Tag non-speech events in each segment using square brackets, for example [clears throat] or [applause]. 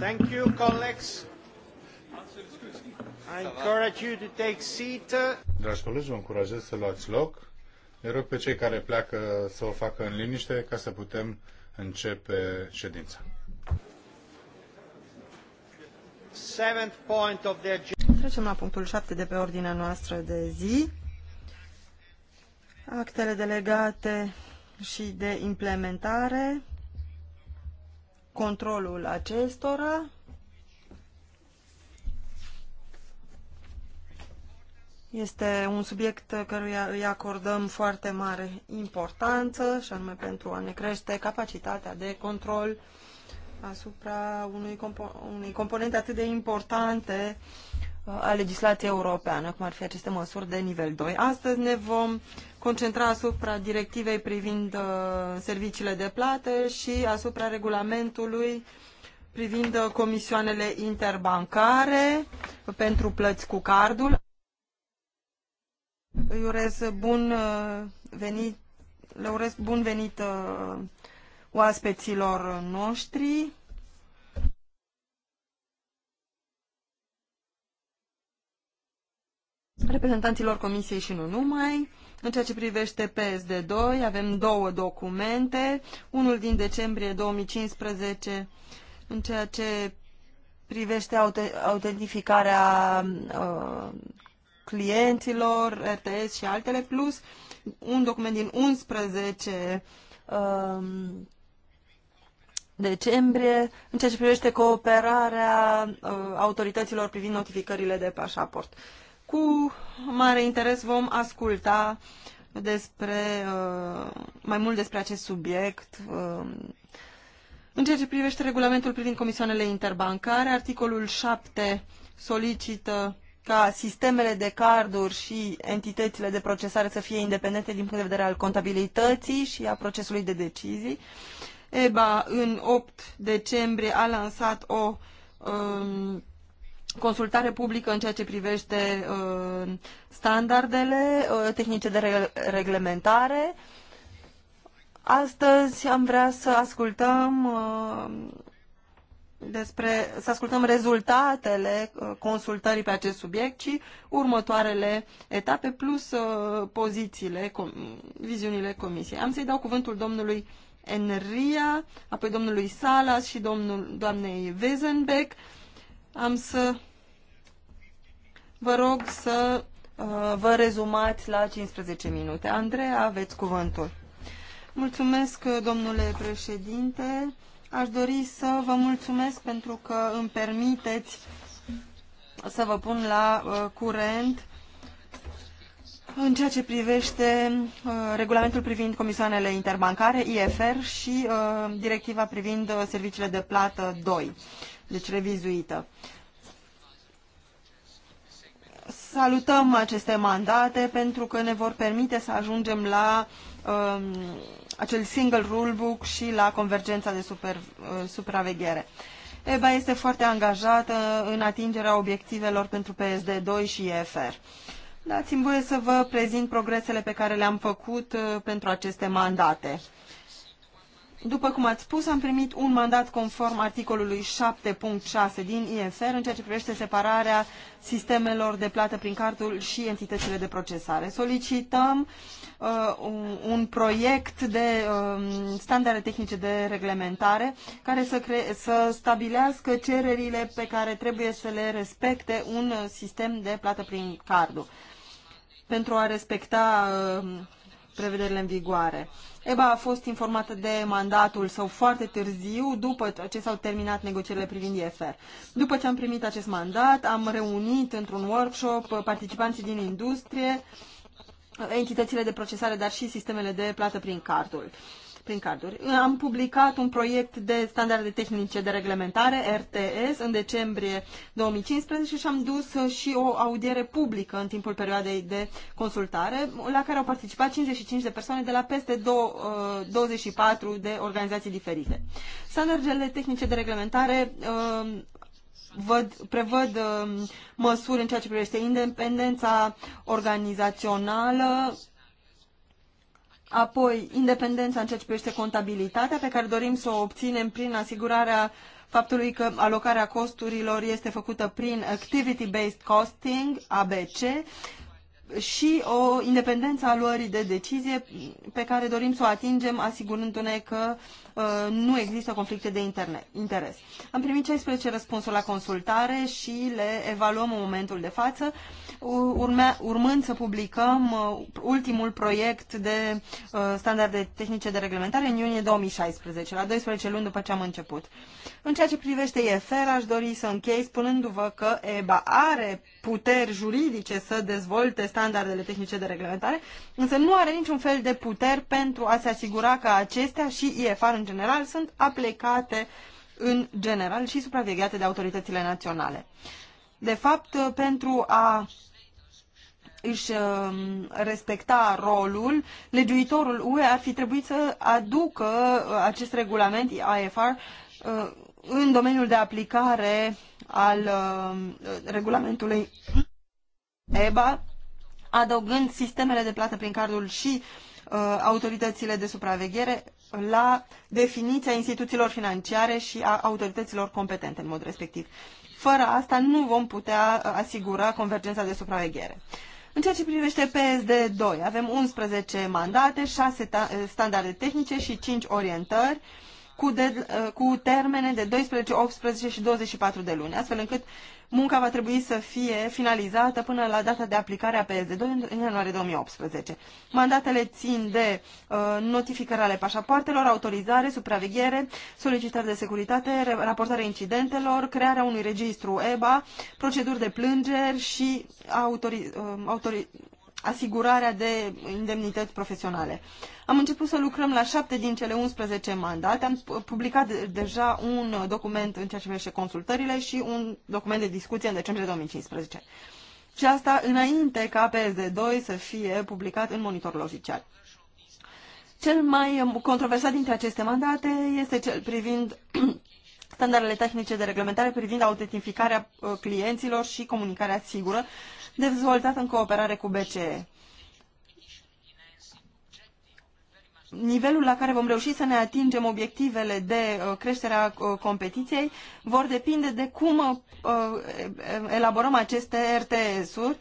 Thank you, colleagues. I encourage you to take seat. Dragi colegi, vă încurajez să luați loc. Ne rog pe cei care pleacă să o facă în liniște ca să putem începe ședința. Trecem la punctul 7 de pe ordinea noastră de zi. Actele delegate și de implementare controlul acestora Este un subiect căruia îi acordăm foarte mare importanță și anume pentru a ne crește capacitatea de control asupra unui, compo unei componente atât de importante a legislației europeană, cum ar fi aceste măsuri de nivel 2. Astăzi ne vom concentra asupra directivei privind uh, serviciile de plată și asupra regulamentului privind uh, comisioanele interbancare pentru plăți cu cardul. Îi urez bun uh, venit, le urez bun venit uh, oaspeților noștri. reprezentanților Comisiei și nu numai. În ceea ce privește PSD2, avem două documente, unul din decembrie 2015 în ceea ce privește autentificarea uh, clienților, RTS și altele, plus un document din 11 uh, um, decembrie în ceea ce privește cooperarea uh, autorităților privind notificările de pașaport. Uh, cu mare interes vom asculta despre, uh, mai mult despre acest subiect. Uh, în ceea ce privește regulamentul privind comisioanele interbancare, articolul 7 solicită ca sistemele de carduri și entitățile de procesare să fie independente din punct de vedere al contabilității și a procesului de decizii. EBA în 8 decembrie a lansat o um, consultare publică în ceea ce privește uh, standardele uh, tehnice de reglementare. Astăzi am vrea să ascultăm uh, despre, să ascultăm rezultatele consultării pe acest subiect și următoarele etape plus pozițiile, viziunile comisiei. Am să-i dau cuvântul domnului Enria, apoi domnului Salas și domnul, doamnei Wezenbeck am să vă rog să uh, vă rezumați la 15 minute. Andreea, aveți cuvântul. Mulțumesc, domnule președinte. Aș dori să vă mulțumesc pentru că îmi permiteți să vă pun la uh, curent în ceea ce privește uh, regulamentul privind comisioanele interbancare, IFR, și directiva privind serviciile de plată 2 deci revizuită. Salutăm aceste mandate pentru că ne vor permite să ajungem la um, acel single rulebook și la convergența de super, uh, supraveghere. EBA este foarte angajată în atingerea obiectivelor pentru PSD2 și EFR. Dați-mi voie să vă prezint progresele pe care le-am făcut uh, pentru aceste mandate. După cum ați spus, am primit un mandat conform articolului 7.6 din IFR în ceea ce privește separarea sistemelor de plată prin cardul și entitățile de procesare. Solicităm uh, un, un proiect de uh, standarde tehnice de reglementare care să, cre- să stabilească cererile pe care trebuie să le respecte un sistem de plată prin cardul. Pentru a respecta uh, prevederile în vigoare. EBA a fost informată de mandatul său foarte târziu, după ce s-au terminat negocierile privind IFR. După ce am primit acest mandat, am reunit într-un workshop participanții din industrie, entitățile de procesare, dar și sistemele de plată prin cardul prin carduri. Am publicat un proiect de standarde tehnice de reglementare, RTS, în decembrie 2015 și am dus și o audiere publică în timpul perioadei de consultare, la care au participat 55 de persoane de la peste 24 uh, de organizații diferite. Standardele tehnice de reglementare uh, văd, prevăd uh, măsuri în ceea ce privește independența organizațională, Apoi, independența în ceea ce privește contabilitatea pe care dorim să o obținem prin asigurarea faptului că alocarea costurilor este făcută prin Activity-Based Costing, ABC, și o independență a luării de decizie pe care dorim să o atingem asigurându-ne că Uh, nu există conflicte de interes. Am primit 16 răspunsuri la consultare și le evaluăm în momentul de față, urmea, urmând să publicăm uh, ultimul proiect de uh, standarde tehnice de reglementare în iunie 2016, la 12 luni după ce am început. În ceea ce privește EFR, aș dori să închei spunându-vă că EBA are puteri juridice să dezvolte standardele tehnice de reglementare, însă nu are niciun fel de puteri pentru a se asigura că acestea și IFR în general sunt aplicate în general și supravegheate de autoritățile naționale. De fapt, pentru a își um, respecta rolul, legiuitorul UE ar fi trebuit să aducă uh, acest regulament IFR uh, în domeniul de aplicare al um, regulamentului EBA, adăugând sistemele de plată prin cardul și uh, autoritățile de supraveghere la definiția instituțiilor financiare și a autorităților competente în mod respectiv. Fără asta nu vom putea uh, asigura convergența de supraveghere. În ceea ce privește PSD2, avem 11 mandate, 6 uh, standarde tehnice și 5 orientări cu, de, uh, cu termene de 12, 18 și 24 de luni, astfel încât Munca va trebui să fie finalizată până la data de aplicare a PSD2 în ianuarie 2018. Mandatele țin de uh, notificare ale pașapoartelor, autorizare, supraveghere, solicitări de securitate, raportarea incidentelor, crearea unui registru EBA, proceduri de plângeri și autori, uh, autori, asigurarea de indemnități profesionale. Am început să lucrăm la șapte din cele 11 mandate. Am publicat deja un document în ceea ce privește consultările și un document de discuție în decembrie 2015. Și asta înainte ca PSD2 să fie publicat în monitorul oficial. Cel mai controversat dintre aceste mandate este cel privind [clears throat] standardele tehnice de reglementare privind autentificarea uh, clienților și comunicarea sigură, dezvoltat în cooperare cu BCE. nivelul la care vom reuși să ne atingem obiectivele de uh, creștere a uh, competiției vor depinde de cum uh, elaborăm aceste RTS-uri,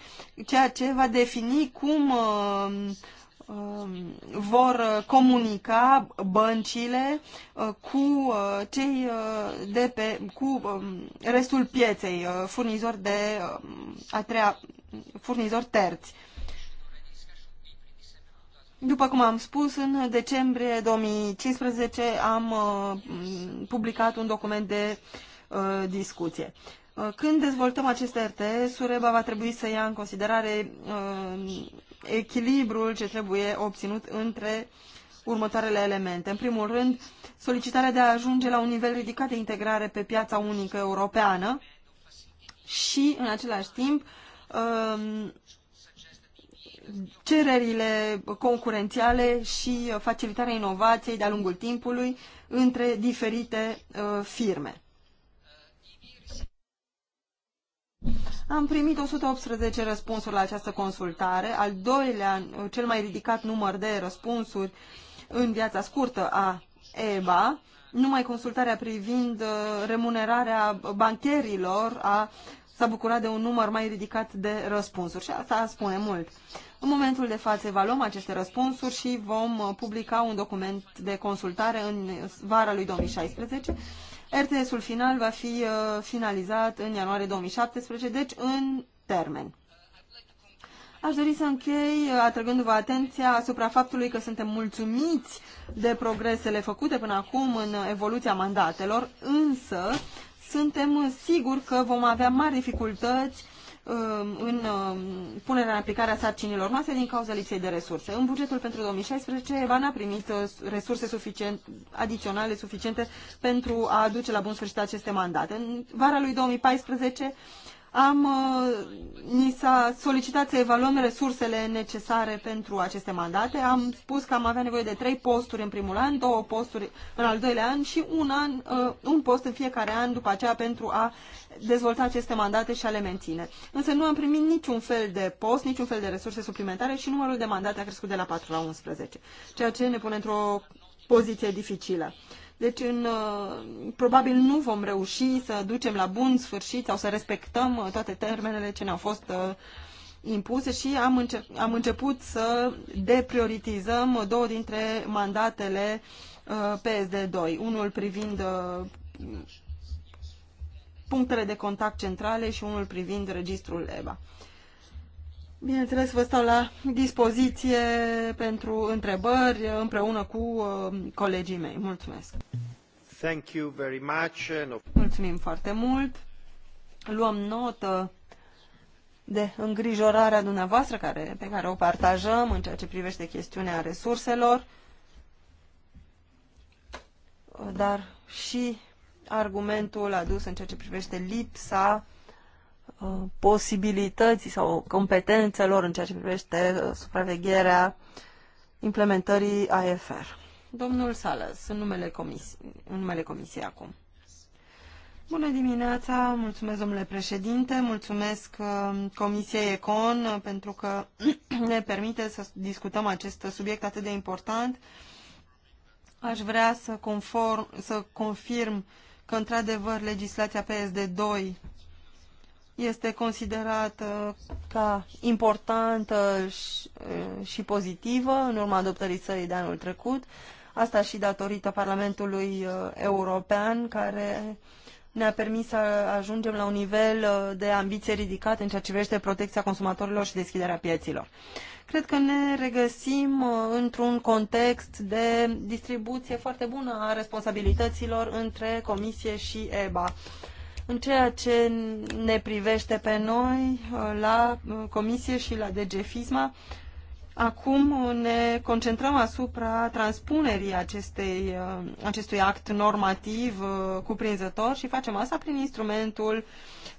ceea ce va defini cum um, vor comunica băncile cu cei de pe, cu um, restul pieței, furnizori de um, a treia, furnizori terți. După cum am spus, în decembrie 2015 am uh, publicat un document de uh, discuție. Uh, când dezvoltăm aceste RTS, Sureba va trebui să ia în considerare echilibrul ce trebuie obținut între următoarele elemente. În primul rând, solicitarea de a ajunge la un nivel ridicat de integrare pe piața unică europeană și, în același timp, Um, cererile concurențiale și facilitarea inovației de-a lungul timpului între diferite uh, firme. Am primit 118 răspunsuri la această consultare, al doilea, uh, cel mai ridicat număr de răspunsuri în viața scurtă a EBA, numai consultarea privind uh, remunerarea bancherilor a s-a bucurat de un număr mai ridicat de răspunsuri și asta spune mult. În momentul de față evaluăm aceste răspunsuri și vom uh, publica un document de consultare în vara lui 2016. RTS-ul final va fi uh, finalizat în ianuarie 2017, deci în termen. Aș dori să închei uh, atrăgându-vă atenția asupra faptului că suntem mulțumiți de progresele făcute până acum în evoluția mandatelor, însă suntem siguri că vom avea mari dificultăți um, în um, punerea în aplicare a sarcinilor noastre din cauza lipsei de resurse. În bugetul pentru 2016, EVAN a primit uh, resurse suficient, adiționale suficiente pentru a aduce la bun sfârșit aceste mandate. În vara lui 2014 am, uh, ni s-a solicitat să evaluăm resursele necesare pentru aceste mandate. Am spus că am avea nevoie de trei posturi în primul an, două posturi în al doilea an și un, an, uh, un post în fiecare an după aceea pentru a dezvolta aceste mandate și a le menține. Însă nu am primit niciun fel de post, niciun fel de resurse suplimentare și numărul de mandate a crescut de la 4 la 11, ceea ce ne pune într-o poziție dificilă. Uh, deci, în, uh, probabil nu vom reuși să ducem la bun sfârșit sau să respectăm uh, toate termenele ce ne-au fost uh, impuse și am, înce am început să deprioritizăm două dintre mandatele PSD2, unul privind punctele de contact centrale și unul privind registrul EBA. Bineînțeles, vă stau la dispoziție pentru întrebări împreună cu uh, colegii mei. Mulțumesc! Thank you very much. Uh, Mulțumim foarte mult! Luăm notă de îngrijorarea dumneavoastră care, pe care o partajăm în ceea ce privește chestiunea resurselor, dar și argumentul adus în ceea ce privește lipsa Uh, posibilității sau competențelor în ceea ce privește uh, supravegherea implementării AFR. Domnul Salas, în numele, comis- în numele comisiei acum. Bună dimineața, mulțumesc domnule președinte, mulțumesc uh, Comisiei Econ pentru că [clears throat] ne permite să discutăm acest subiect atât de important. Aș vrea să, conform, să confirm că într-adevăr legislația PSD2 este considerată ca importantă și, eh, și pozitivă în urma adoptării țării de anul trecut. Asta și datorită Parlamentului eh, European, care ne-a permis să ajungem la un nivel eh, de ambiție ridicat în ceea ce privește protecția consumatorilor și deschiderea pieților. Cred că ne regăsim într-un context de distribuție foarte bună a responsabilităților între Comisie și EBA. În ceea ce ne privește pe noi, la Comisie și la DG FISMA, acum ne concentrăm asupra transpunerii acestei, uh, acestui act normativ uh, cuprinzător și facem asta prin instrumentul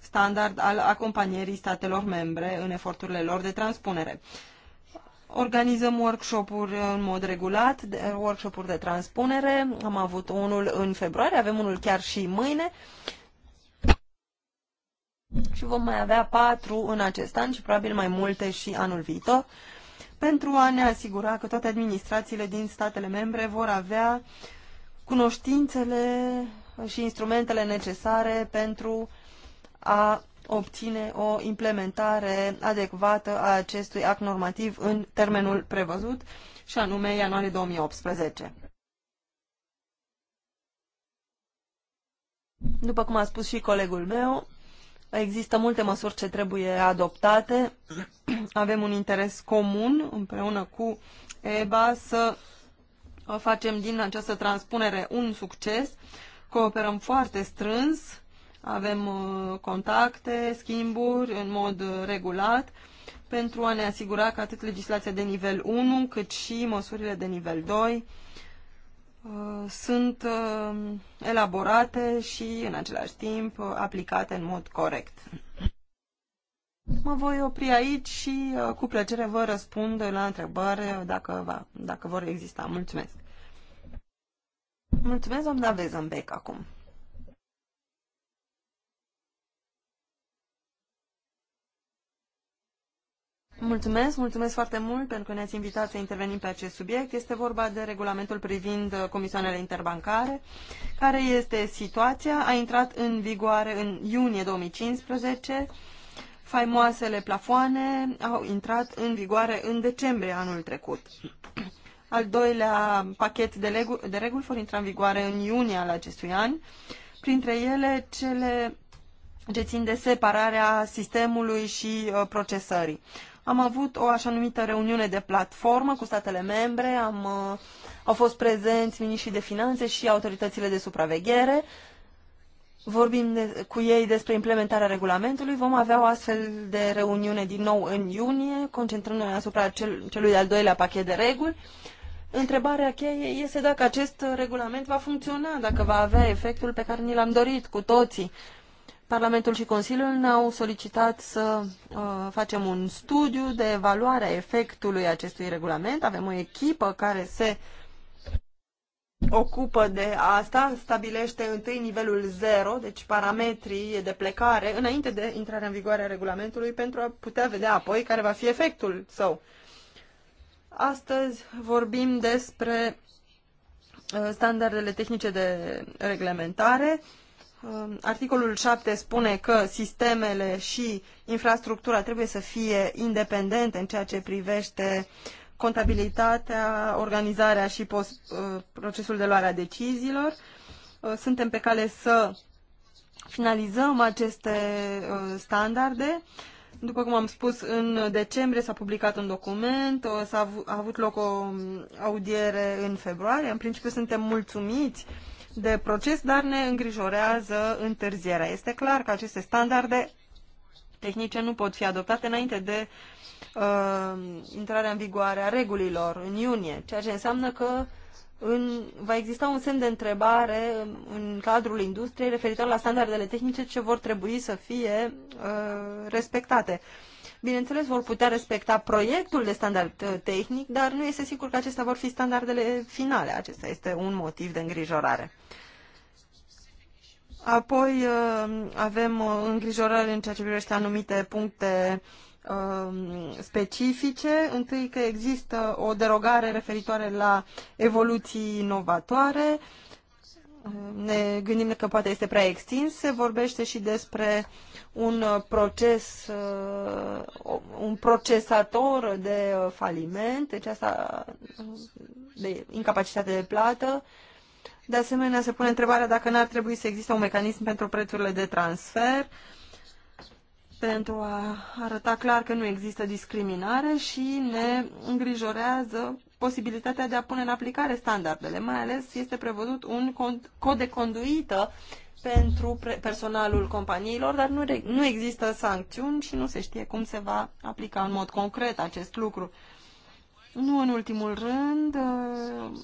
standard al acompanierii statelor membre în eforturile lor de transpunere. Organizăm workshop-uri în mod regulat, workshop-uri de transpunere. Am avut unul în februarie, avem unul chiar și mâine și vom mai avea patru în acest an și probabil mai multe și anul viitor, pentru a ne asigura că toate administrațiile din statele membre vor avea cunoștințele și instrumentele necesare pentru a obține o implementare adecvată a acestui act normativ în termenul prevăzut, și anume ianuarie 2018. După cum a spus și colegul meu, Există multe măsuri ce trebuie adoptate. [clears throat] Avem un interes comun împreună cu EBA să facem din această transpunere un succes. Cooperăm foarte strâns, avem uh, contacte, schimburi în mod regulat pentru a ne asigura că atât legislația de nivel 1 cât și măsurile de nivel 2 Uh, sunt uh, elaborate și, în același timp, uh, aplicate în mod corect. Mă voi opri aici și cu plăcere vă răspund la întrebări dacă, va, dacă vor exista. Mulțumesc! Mulțumesc, doamna Vezembec, acum. Mulțumesc, mulțumesc foarte mult pentru că ne-ați invitat să intervenim pe acest subiect. Este vorba de regulamentul privind comisioanele interbancare, care este situația, a intrat în vigoare în iunie 2015, faimoasele plafoane au intrat în vigoare în decembrie anul trecut. Al doilea pachet de, de reguli vor intra în vigoare în iunie al acestui an, printre ele cele ce țin de separarea sistemului și uh, procesării. Am avut o așa numită reuniune de platformă cu statele membre, am, uh, au fost prezenți miniștrii de finanțe și autoritățile de supraveghere. Vorbim de, cu ei despre implementarea regulamentului. Vom avea o astfel de reuniune din nou în iunie, concentrându-ne asupra cel, celui de-al doilea pachet de reguli. Întrebarea cheie este dacă acest regulament va funcționa, dacă va avea efectul pe care ni l-am dorit cu toții. Uh, Parlamentul și Consiliul ne-au solicitat să uh, facem un studiu de evaluare a efectului acestui regulament. Avem o echipă care se ocupă de asta, stabilește întâi nivelul 0, deci parametrii de plecare, înainte de intrarea în vigoare a regulamentului, pentru a putea vedea apoi care va fi efectul său. Astăzi vorbim despre uh, standardele tehnice de reglementare, Um, articolul 7 spune că sistemele și infrastructura trebuie să fie independente în ceea ce privește contabilitatea, organizarea și post, uh, procesul de luare a deciziilor. Uh, suntem pe cale să finalizăm aceste uh, standarde. După cum am spus, în decembrie s-a publicat un document, s-a avut loc o um, audiere în februarie. În principiu suntem mulțumiți uh, de proces, dar ne îngrijorează întârzierea. Este clar că aceste standarde tehnice nu pot fi adoptate înainte de uh, intrarea în vigoare a regulilor în iunie, ceea ce înseamnă că în, va exista un semn de întrebare în cadrul industriei referitor la standardele tehnice ce vor trebui să fie uh, respectate. Uh, Bineînțeles, vor putea respecta proiectul de standard uh, tehnic, dar nu este sigur că acestea vor fi standardele finale. Acesta este un motiv de îngrijorare. Apoi uh, avem uh, îngrijorări în ceea ce privește anumite puncte um, specifice. Întâi că există o derogare referitoare la evoluții inovatoare, ne gândim că poate este prea extins, se vorbește și despre un proces, uh, un procesator de faliment, deci asta de incapacitate de plată. De asemenea, se pune întrebarea dacă n-ar trebui să existe un mecanism pentru prețurile de transfer pentru a arăta clar că nu există discriminare și ne îngrijorează posibilitatea de a pune în aplicare standardele. Mai ales este prevăzut un cod de conduită pentru personalul companiilor, dar nu, nu există sancțiuni și nu se știe cum se va aplica în mod concret acest lucru. Nu în ultimul rând, uh,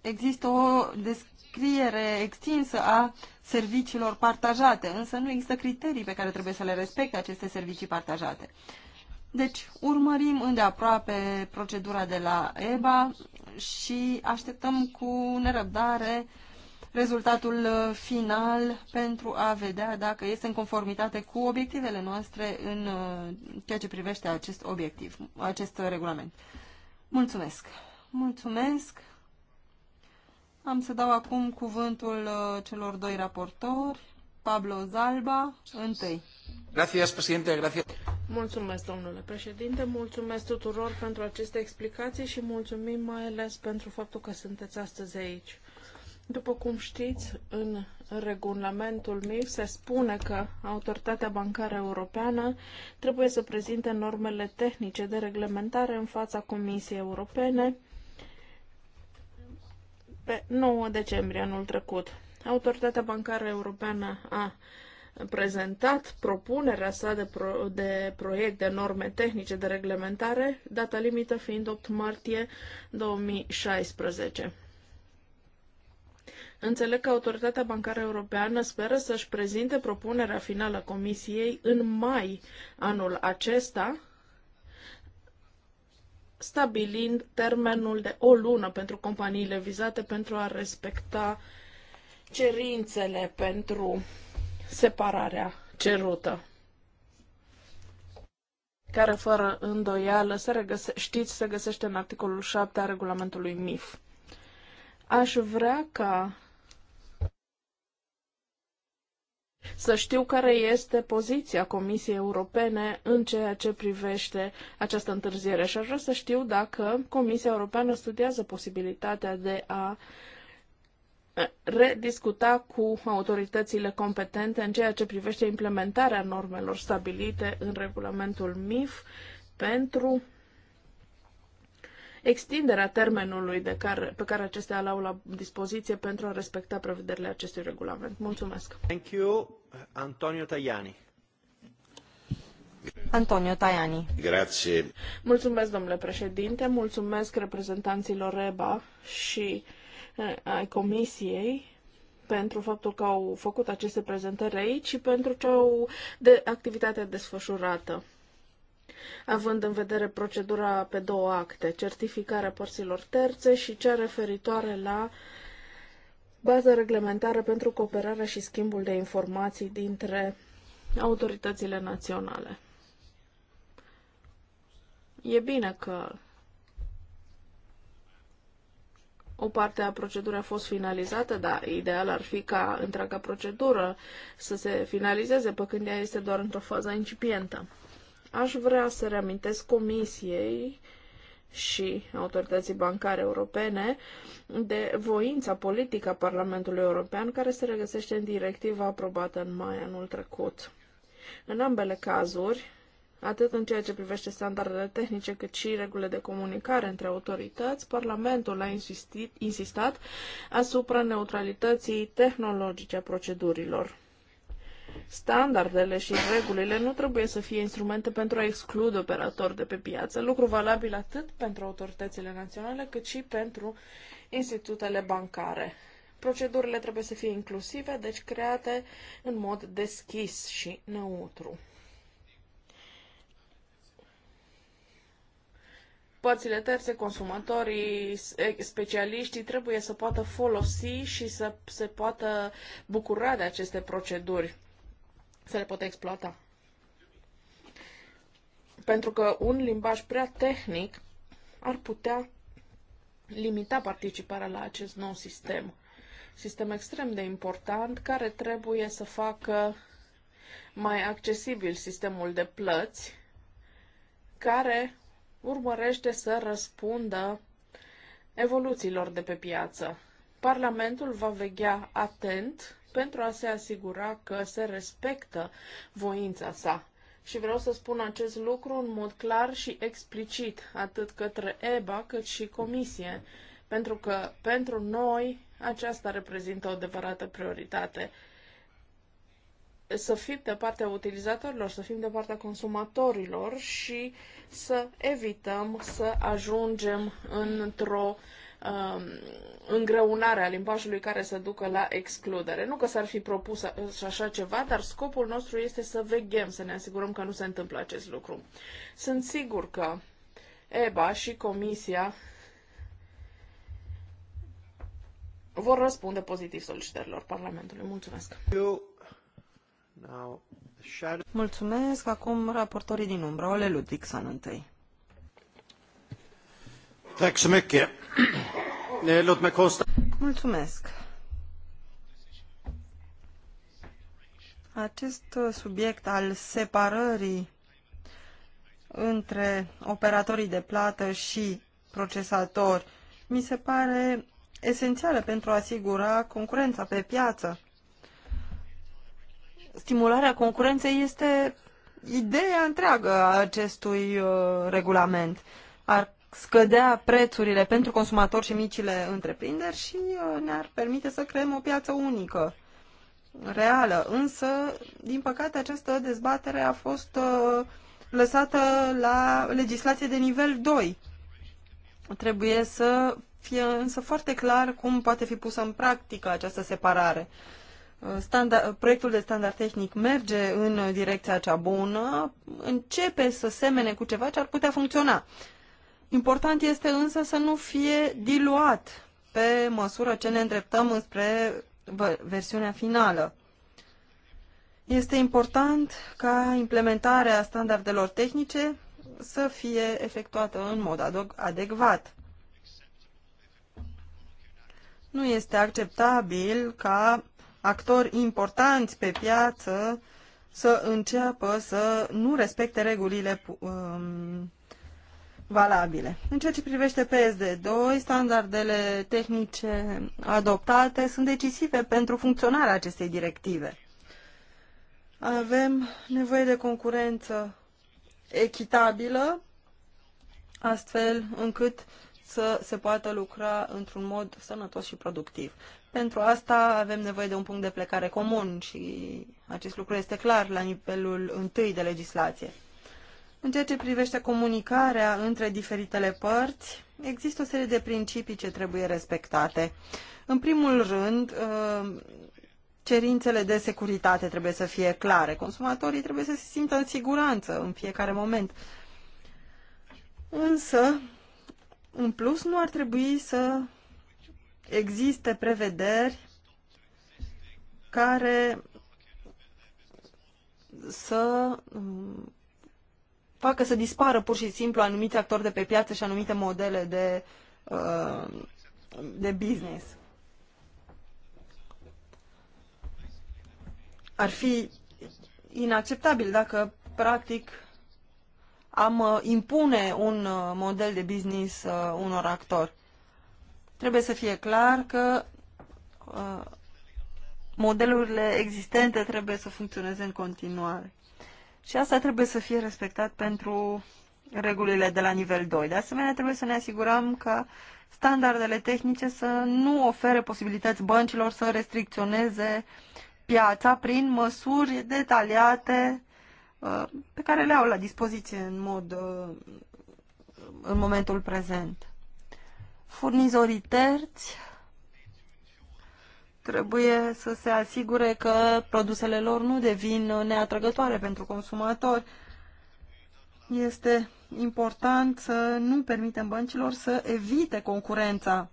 există o descriere extinsă a serviciilor partajate, însă nu există criterii pe care trebuie să le respecte aceste servicii partajate. Deci, urmărim îndeaproape procedura de la EBA și așteptăm cu nerăbdare rezultatul final pentru a vedea dacă este în conformitate cu obiectivele noastre în uh, ceea ce privește acest obiectiv, acest regulament. Mulțumesc! Mulțumesc! Am să dau acum cuvântul uh, celor doi raportori. Pablo Zalba, întâi. Gracias, președinte, gracias. Mulțumesc, domnule președinte, mulțumesc tuturor pentru aceste explicații și mulțumim mai ales pentru faptul că sunteți astăzi aici. După cum știți, în regulamentul MIF se spune că Autoritatea Bancară Europeană trebuie să prezinte normele tehnice de reglementare în fața Comisiei Europene pe 9 decembrie anul trecut. Autoritatea Bancară Europeană a prezentat propunerea sa de, pro, de proiect de norme tehnice de reglementare, data limită fiind 8 martie 2016. Înțeleg că Autoritatea Bancară Europeană speră să-și prezinte propunerea finală Comisiei în mai anul acesta, stabilind termenul de o lună pentru companiile vizate pentru a respecta cerințele pentru separarea cerută care fără îndoială se regăse- știți se găsește în articolul 7 a regulamentului MIF. Aș vrea ca să știu care este poziția Comisiei Europene în ceea ce privește această întârziere și aș vrea să știu dacă Comisia Europeană studiază posibilitatea de a rediscuta cu autoritățile competente în ceea ce privește implementarea normelor stabilite în regulamentul MIF pentru extinderea termenului de care, pe care acestea l-au la dispoziție pentru a respecta prevederile acestui regulament. Mulțumesc! Thank you, Antonio Tajani. Antonio Tajani. Grazie. Mulțumesc, domnule președinte, mulțumesc reprezentanților REBA și eh, ai Comisiei pentru faptul că au făcut aceste prezentări aici și pentru ce au de activitatea desfășurată având în vedere procedura pe două acte, certificarea părților terțe și cea referitoare la bază reglementară pentru cooperarea și schimbul de informații dintre autoritățile naționale. E bine că o parte a procedurii a fost finalizată, dar ideal ar fi ca întreaga procedură să se finalizeze, pe când ea este doar într-o fază incipientă. Aș vrea să reamintesc Comisiei și autorității bancare europene de voința politică a Parlamentului European care se regăsește în directiva aprobată în mai anul trecut. În ambele cazuri, atât în ceea ce privește standardele tehnice, cât și regulile de comunicare între autorități, Parlamentul a insistit, insistat asupra neutralității tehnologice a procedurilor. Standardele și regulile nu trebuie să fie instrumente pentru a exclude operatori de pe piață, lucru valabil atât pentru autoritățile naționale cât și pentru institutele bancare. Procedurile trebuie să fie inclusive, deci create în mod deschis și neutru. părțile terțe, consumatorii, specialiștii trebuie să poată folosi și să se poată bucura de aceste proceduri să le poată exploata. Pentru că un limbaj prea tehnic ar putea limita participarea la acest nou sistem. Sistem extrem de important care trebuie să facă mai accesibil sistemul de plăți care urmărește să răspundă evoluțiilor de pe piață. Parlamentul va veghea atent pentru a se asigura că se respectă voința sa. Și vreau să spun acest lucru în mod clar și explicit, atât către EBA cât și Comisie, pentru că pentru noi aceasta reprezintă o adevărată prioritate să fim de partea utilizatorilor, să fim de partea consumatorilor și să evităm să ajungem într-o um, îngreunare a limbajului care să ducă la excludere. Nu că s-ar fi propus așa ceva, dar scopul nostru este să veghem, să ne asigurăm că nu se întâmplă acest lucru. Sunt sigur că EBA și Comisia vor răspunde pozitiv solicitărilor Parlamentului. Mulțumesc! Mulțumesc! Acum raportorii din umbră, Ole Ludvig, întâi. Tack så mycket. Eh, Mulțumesc. Acest uh, subiect al separării între operatorii de plată și procesatori mi se pare esențială pentru a asigura concurența pe piață. Stimularea concurenței este ideea întreagă a acestui uh, regulament. Ar scădea prețurile pentru consumatori și micile întreprinderi și uh, ne-ar permite să creăm o piață unică, reală. Însă, din păcate, această dezbatere a fost uh, lăsată la legislație de nivel 2. Trebuie să fie însă foarte clar cum poate fi pusă în practică această separare. Uh, standard, proiectul de standard tehnic merge în direcția cea bună, începe să semene cu ceva ce ar putea funcționa. Important este însă să nu fie diluat pe măsură ce ne îndreptăm înspre versiunea finală. Este important ca implementarea standardelor tehnice să fie efectuată în mod adecvat. Nu este acceptabil ca actori importanți pe piață să înceapă să nu respecte regulile um, valabile. În ceea ce privește PSD2, standardele tehnice adoptate sunt decisive pentru funcționarea acestei directive. Avem nevoie de concurență echitabilă, astfel încât să se poată lucra într-un mod sănătos și productiv. Pentru asta avem nevoie de un punct de plecare comun și acest lucru este clar la nivelul întâi de legislație. În ceea ce privește comunicarea între diferitele părți, există o serie de principii ce trebuie respectate. În primul rând, uh, cerințele de securitate trebuie să fie clare. Consumatorii trebuie să se simtă în siguranță în fiecare moment. Însă, în plus, nu ar trebui să existe prevederi care să um, facă să dispară pur și simplu anumiți actori de pe piață și anumite modele de, uh, de business. Ar fi inacceptabil dacă, practic, am uh, impune un uh, model de business unor actori. Trebuie să fie clar că modelurile existente trebuie să funcționeze în continuare. Și asta trebuie să fie respectat pentru regulile de la nivel 2. De asemenea, trebuie să ne asigurăm că standardele tehnice să nu ofere posibilități băncilor să restricționeze piața prin măsuri detaliate uh, pe care le au la dispoziție în mod uh, în momentul prezent. Furnizorii terți trebuie să se asigure că produsele lor nu devin neatrăgătoare pentru consumatori. Este important să nu permitem băncilor să evite concurența,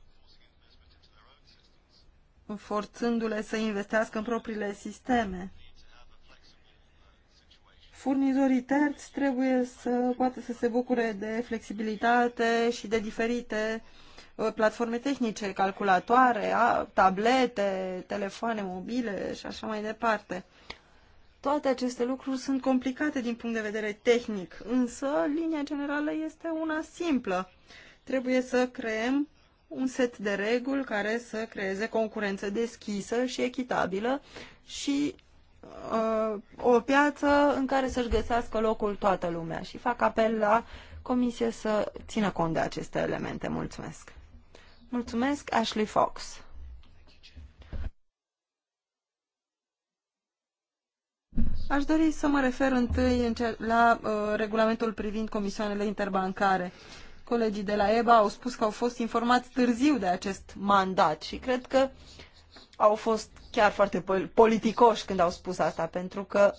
forțându-le să investească în propriile sisteme. Furnizorii terți trebuie să poată să se bucure de flexibilitate și de diferite uh, Uh, platforme tehnice, calculatoare, tablete, telefoane mobile și așa mai departe. Toate aceste lucruri sunt complicate din punct de vedere tehnic, însă linia generală este una simplă. Trebuie să creăm un set de reguli care să creeze concurență deschisă și echitabilă și uh, o piață în care să-și găsească locul toată lumea. Și fac apel la Comisie să țină cont de aceste elemente. Mulțumesc! Mulțumesc, Ashley Fox. Aș dori să mă refer întâi la uh, regulamentul privind comisioanele interbancare. Colegii de la EBA au spus că au fost informați târziu de acest mandat și cred că au fost chiar foarte politicoși când au spus asta, pentru că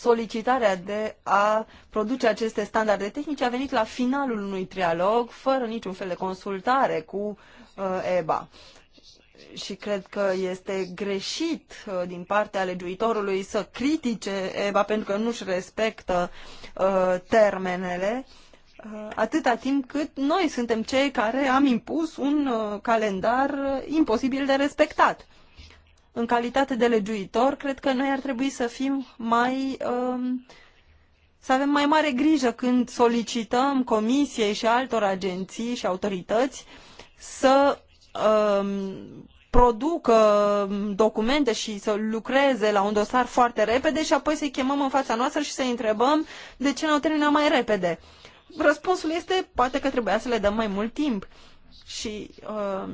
solicitarea de a produce aceste standarde tehnice a venit la finalul unui trialog, fără niciun fel de consultare cu uh, EBA. Și cred că este greșit uh, din partea legiuitorului să critique EBA pentru că nu-și respectă uh, termenele uh, atâta timp cât noi suntem cei care am impus un uh, calendar uh, imposibil de respectat în calitate de legiuitor, cred că noi ar trebui să fim mai. Um, să avem mai mare grijă când solicităm comisiei și altor agenții și autorități să um, producă documente și să lucreze la un dosar foarte repede și apoi să-i chemăm în fața noastră și să-i întrebăm de ce n-au terminat mai repede. Răspunsul este poate că trebuia să le dăm mai mult timp. Și uh,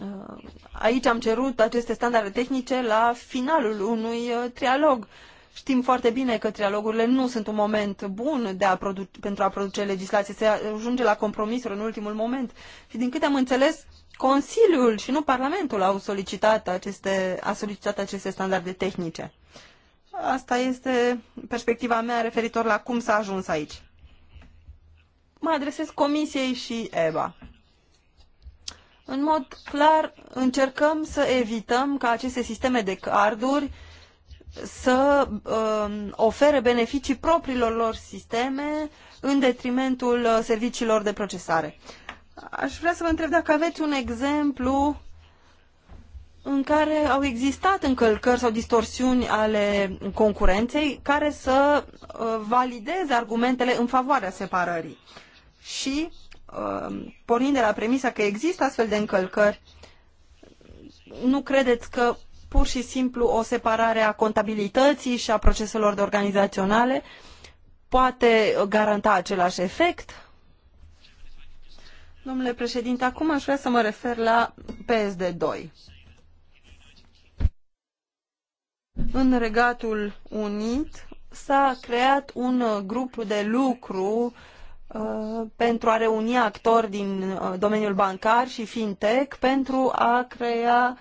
Uh, aici am cerut aceste standarde tehnice la finalul unui uh, trialog. Știm foarte bine că trialogurile nu sunt un moment bun de a pentru a produce legislație, se ajunge la compromisuri în ultimul moment. Și din câte am înțeles, Consiliul și nu Parlamentul au solicitat aceste, a solicitat aceste standarde tehnice. Asta este perspectiva mea referitor la cum s-a ajuns aici. Mă adresez Comisiei și EBA. În mod clar, încercăm să evităm ca aceste sisteme de carduri să uh, ofere beneficii propriilor lor sisteme în detrimentul uh, serviciilor de procesare. Aș vrea să vă întreb dacă aveți un exemplu în care au existat încălcări sau distorsiuni ale concurenței care să uh, valideze argumentele în favoarea separării. Și Um, pornind de la premisa că există astfel de încălcări, nu credeți că pur și simplu o separare a contabilității și a proceselor de organizaționale poate garanta același efect? Domnule președinte, acum aș vrea să mă refer la PSD2. În Regatul Unit s-a creat un grup de lucru uh, Uh, pentru a reuni actori din uh, domeniul bancar și fintech pentru a crea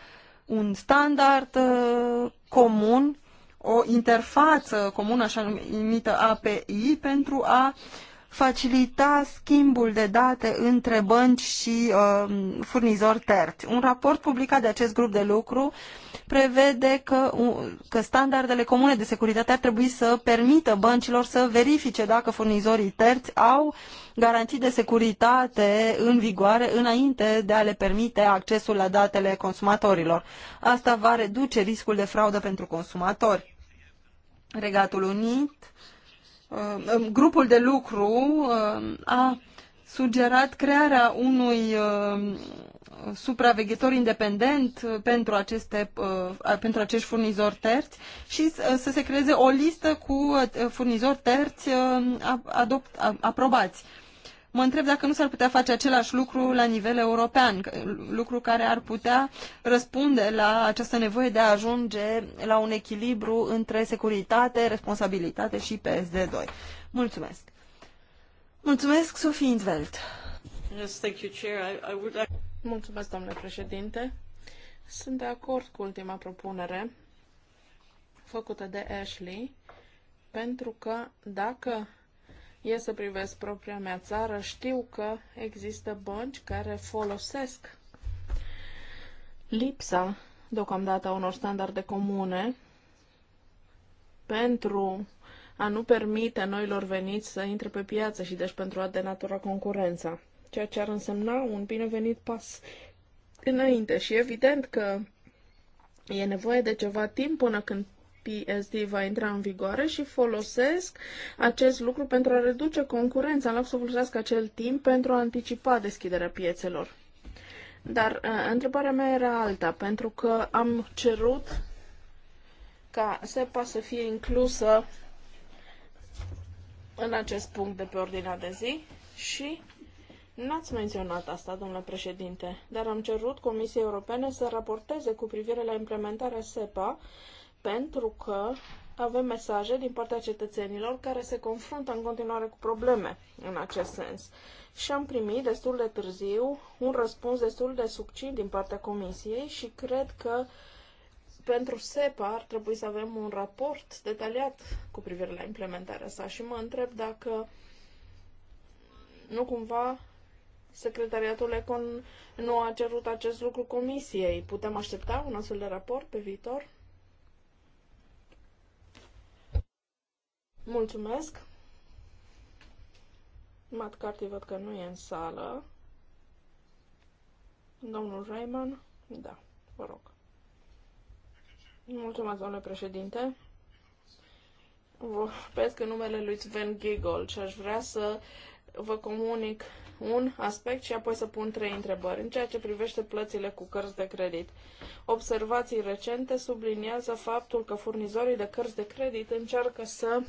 un standard uh, comun, o interfață comună, așa numită API, pentru a facilita schimbul de date între bănci și uh, furnizori terți. Un raport publicat de acest grup de lucru prevede că, că standardele comune de securitate ar trebui să permită băncilor să verifice dacă furnizorii terți au garanții de securitate în vigoare înainte de a le permite accesul la datele consumatorilor. Asta va reduce riscul de fraudă pentru consumatori. Regatul Unit Uh, um, grupul de lucru um, a sugerat crearea unui um, supraveghetor independent uh, pentru, aceste, uh, pentru acești furnizori terți și să se creeze o listă cu furnizori terți adopt, aprobați mă întreb dacă nu s-ar putea face același lucru la nivel european, lucru care ar putea răspunde la această nevoie de a ajunge la un echilibru între securitate, responsabilitate și PSD2. Mulțumesc! Mulțumesc, Sofie Intveld! Yes, thank you, Chair. I, I would... Mulțumesc, domnule președinte. Sunt de acord cu ultima propunere făcută de Ashley, pentru că dacă e să privesc propria mea țară, știu că există bănci care folosesc lipsa deocamdată a unor standarde comune pentru a nu permite noilor veniți să intre pe piață și deci pentru a denatura concurența, ceea ce ar însemna un binevenit pas înainte. Și evident că e nevoie de ceva timp până când PSD va intra în vigoare și folosesc acest lucru pentru a reduce concurența, în loc să folosească acel timp pentru a anticipa deschiderea piețelor. Dar uh, întrebarea mea era alta, pentru că am cerut ca SEPA să fie inclusă în acest punct de pe ordinea de zi și n-ați menționat asta, domnule președinte, dar am cerut Comisiei Europene să raporteze cu privire la implementarea SEPA pentru că avem mesaje din partea cetățenilor care se confruntă în continuare cu probleme în acest sens. Și am primit destul de târziu un răspuns destul de succint din partea Comisiei și cred că pentru SEPA ar trebui să avem un raport detaliat cu privire la implementarea sa și mă întreb dacă nu cumva Secretariatul Econ nu a cerut acest lucru Comisiei. Putem aștepta un astfel de raport pe viitor? Mulțumesc! Matt Carty văd că nu e în sală. Domnul Raymond? Da, vă rog. Mulțumesc, domnule președinte. Vorbesc în numele lui Sven Gigol și aș vrea să vă comunic un aspect și apoi să pun trei întrebări. În ceea ce privește plățile cu cărți de credit, observații recente subliniază faptul că furnizorii de cărți de credit încearcă să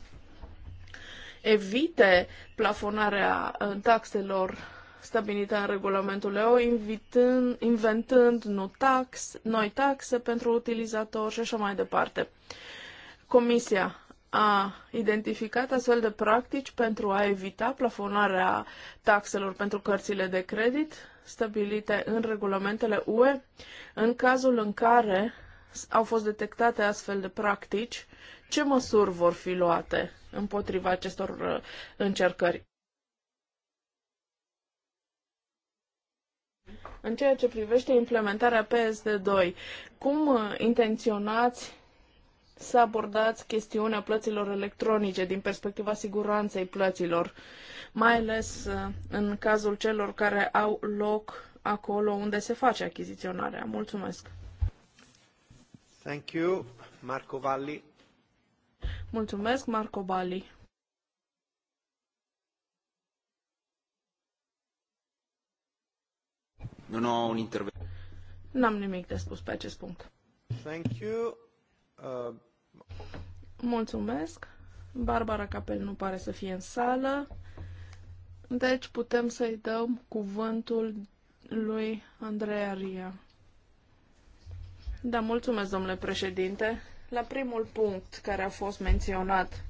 evite plafonarea uh, taxelor stabilită în regulamentul EU, invitând, inventând nu tax, noi taxe pentru utilizatori și așa mai departe. Comisia a identificat astfel de practici pentru a evita plafonarea taxelor pentru cărțile de credit stabilite în regulamentele UE, în cazul în care au fost detectate astfel de practici ce măsuri vor fi luate împotriva acestor uh, încercări? În ceea ce privește implementarea PSD2, cum uh, intenționați să abordați chestiunea plăților electronice din perspectiva siguranței plăților, mai ales uh, în cazul celor care au loc acolo unde se face achiziționarea. Mulțumesc! Thank you, Marco Valli. Mulțumesc, Marco Bali. Nu, nu, un interven. N-am nimic de spus pe acest punct. Thank you. Uh... Mulțumesc. Barbara Capel nu pare să fie în sală. Deci putem să-i dăm cuvântul lui Andreea Ria. Da, mulțumesc, domnule președinte la primul punct care a fost menționat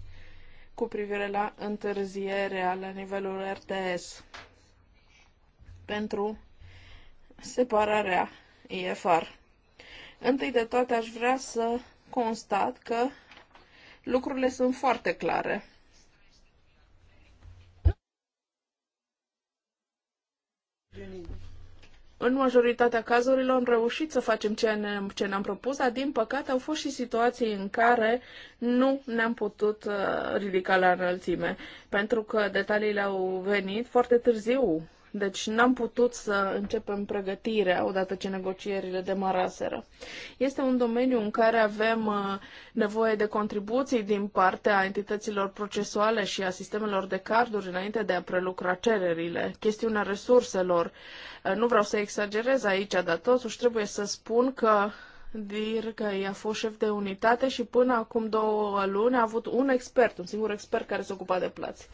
cu privire la întârzierea la nivelul RTS pentru separarea IFR. Întâi de toate aș vrea să constat că lucrurile sunt foarte clare în majoritatea cazurilor am reușit să facem ce, ne, ce ne-am propus, dar din păcate au fost și situații în care nu ne-am putut uh, ridica la înălțime, pentru că detaliile au venit foarte târziu deci n-am putut să începem pregătirea odată ce negocierile demaraseră. Este un domeniu în care avem uh, nevoie de contribuții din partea entităților procesuale și a sistemelor de carduri înainte de a prelucra cererile. Chestiunea resurselor. Uh, nu vreau să exagerez aici, dar totuși trebuie să spun că dir că i-a fost șef de unitate și până acum două luni a avut un expert, un singur expert care se ocupa de plăți.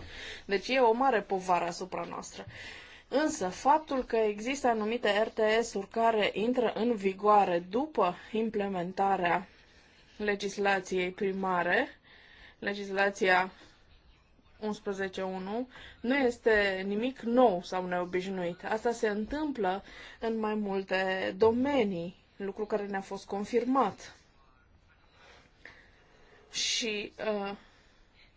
Deci e o mare povară asupra noastră. Uh, Însă, faptul că există anumite RTS-uri care intră în vigoare după implementarea legislației primare, legislația 11.1, nu este nimic nou sau neobișnuit. Asta se întâmplă în mai multe domenii, lucru care ne-a fost confirmat. Și uh,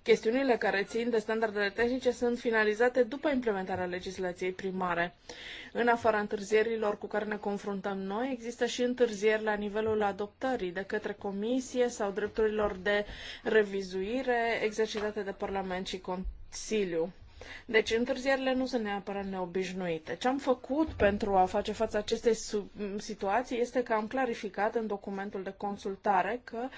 Chestiunile care țin de standardele tehnice sunt finalizate după implementarea legislației primare. În afara întârzierilor cu care ne confruntăm noi, există și întârzieri la nivelul adoptării de către Comisie sau drepturilor de revizuire exercitate de Parlament și Consiliu. Deci întârzierile nu sunt neapărat neobișnuite. Ce am făcut pentru a face față acestei situații este că am clarificat în documentul de consultare că uh,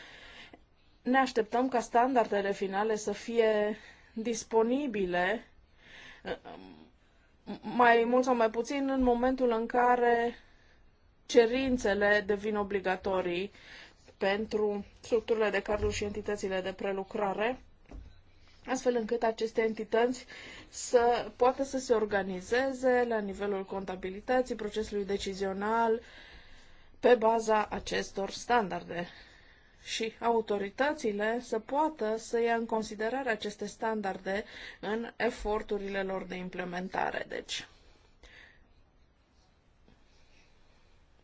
ne așteptăm ca standardele finale să fie disponibile uh, um, mai mult sau mai puțin în momentul în care cerințele devin obligatorii pentru structurile de cadru și entitățile de prelucrare, astfel încât aceste entități să poată să se organizeze la nivelul contabilității, procesului decizional, pe baza acestor standarde și autoritățile să poată să ia în considerare aceste standarde în eforturile lor de implementare. Deci,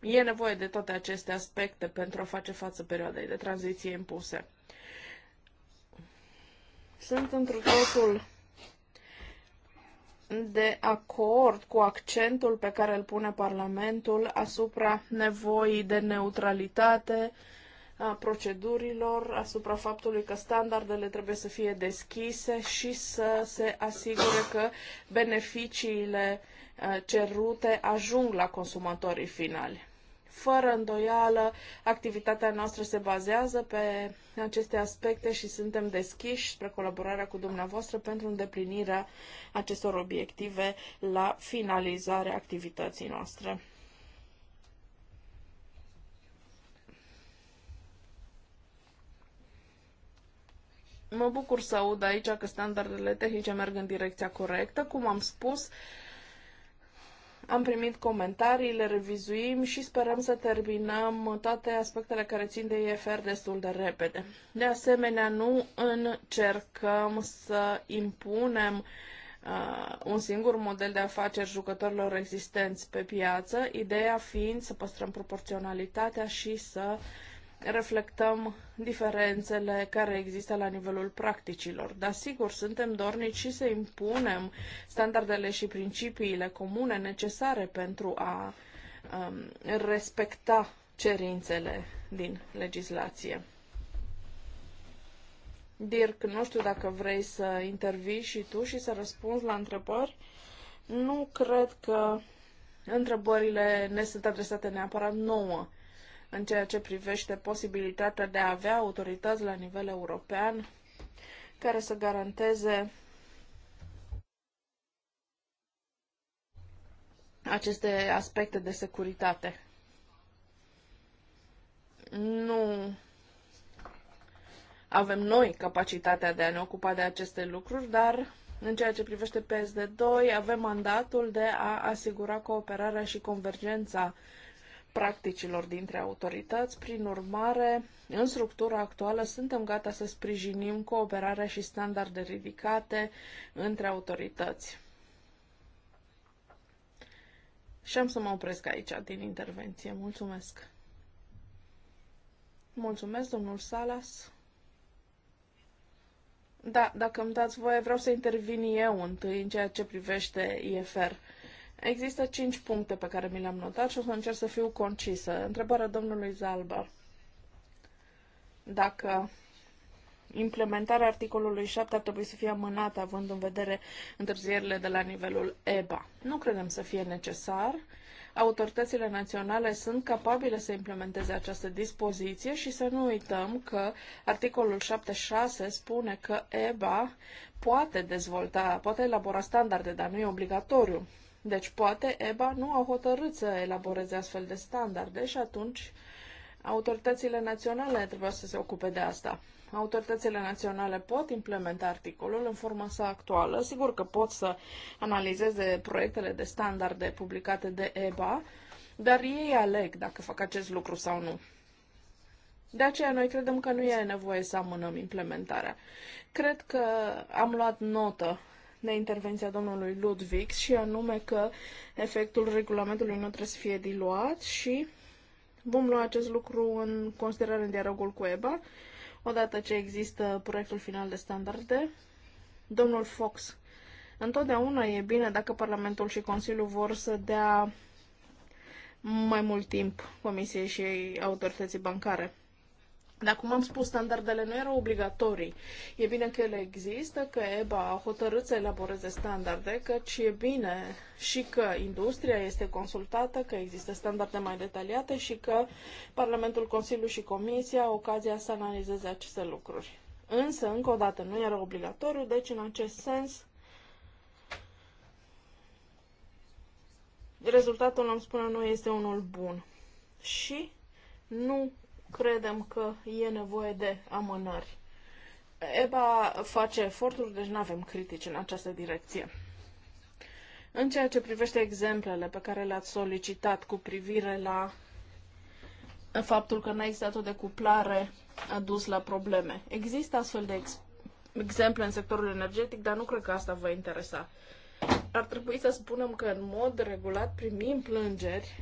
e nevoie de toate aceste aspecte pentru a face față perioadei de tranziție impuse. Sunt într totul de acord cu accentul pe care îl pune Parlamentul asupra nevoii de neutralitate, procedurilor, asupra faptului că standardele trebuie să fie deschise și să se asigure că beneficiile cerute ajung la consumatorii finali. Fără îndoială, activitatea noastră se bazează pe aceste aspecte și suntem deschiși spre colaborarea cu dumneavoastră pentru îndeplinirea acestor obiective la finalizarea activității noastre. Mă bucur să aud aici că standardele tehnice merg în direcția corectă. Cum am spus, am primit comentarii, le revizuim și sperăm să terminăm toate aspectele care țin de IFR destul de repede. De asemenea, nu încercăm să impunem uh, un singur model de afaceri jucătorilor existenți pe piață, ideea fiind să păstrăm proporționalitatea și să uh, reflectăm diferențele care există la nivelul practicilor. Dar sigur, suntem dornici și să impunem standardele și principiile comune necesare pentru a um, respecta cerințele din legislație. Dirk, nu știu dacă vrei să intervii și tu și să răspunzi la întrebări. Nu cred că întrebările ne sunt adresate neapărat nouă în ceea ce privește posibilitatea de a avea autorități la nivel european care să garanteze aceste aspecte de securitate. Nu avem noi capacitatea de a ne ocupa de aceste lucruri, dar în ceea ce privește PSD2 avem mandatul de a asigura cooperarea și convergența uh, practicilor dintre autorități. Prin urmare, în structura actuală suntem gata să sprijinim cooperarea și standarde ridicate între autorități. Și am să mă opresc aici din intervenție. Mulțumesc! Mulțumesc, domnul Salas. Da, dacă îmi dați voie, vreau să intervin eu întâi în ceea ce privește IFR. Există cinci puncte pe care mi le-am notat și o să încerc să fiu concisă. Întrebarea domnului Zalba. Dacă implementarea articolului 7 ar trebui să fie amânată, având în vedere întârzierile de la nivelul EBA. Nu credem să fie necesar. Autoritățile naționale sunt capabile să implementeze această dispoziție și să nu uităm că articolul 7.6 spune că EBA poate dezvolta, poate elabora standarde, dar nu e obligatoriu. Deci poate EBA nu au hotărât să elaboreze astfel de standarde și atunci autoritățile naționale trebuie să se ocupe de asta. Autoritățile naționale pot implementa articolul în forma sa actuală. Sigur că pot să analizeze proiectele de standarde publicate de EBA, dar ei aleg dacă fac acest lucru sau nu. De aceea noi credem că nu e nevoie să amânăm implementarea. Cred că am luat notă de intervenția domnului Ludwig și anume că efectul regulamentului nu trebuie să fie diluat și vom lua acest lucru în considerare în dialogul cu EBA, odată ce există proiectul final de standarde. Domnul Fox, întotdeauna e bine dacă Parlamentul și Consiliul vor să dea mai mult timp Comisiei și autorității bancare. Dar, cum am spus, standardele nu erau obligatorii. E bine că ele există, că EBA a hotărât să elaboreze standarde, căci e bine și că industria este consultată, că există standarde mai detaliate și că Parlamentul, Consiliul și Comisia au ocazia să analizeze aceste lucruri. Însă, încă o dată, nu era obligatoriu, deci, în acest sens, rezultatul, am spune noi, este unul bun. Și nu credem că e nevoie de amânări. EBA face eforturi, deci nu avem critici în această direcție. În ceea ce privește exemplele pe care le-ați solicitat cu privire la faptul că n-a existat o decuplare a dus la probleme. Există astfel de ex- exemple în sectorul energetic, dar nu cred că asta vă interesa. Ar trebui să spunem că în mod regulat primim plângeri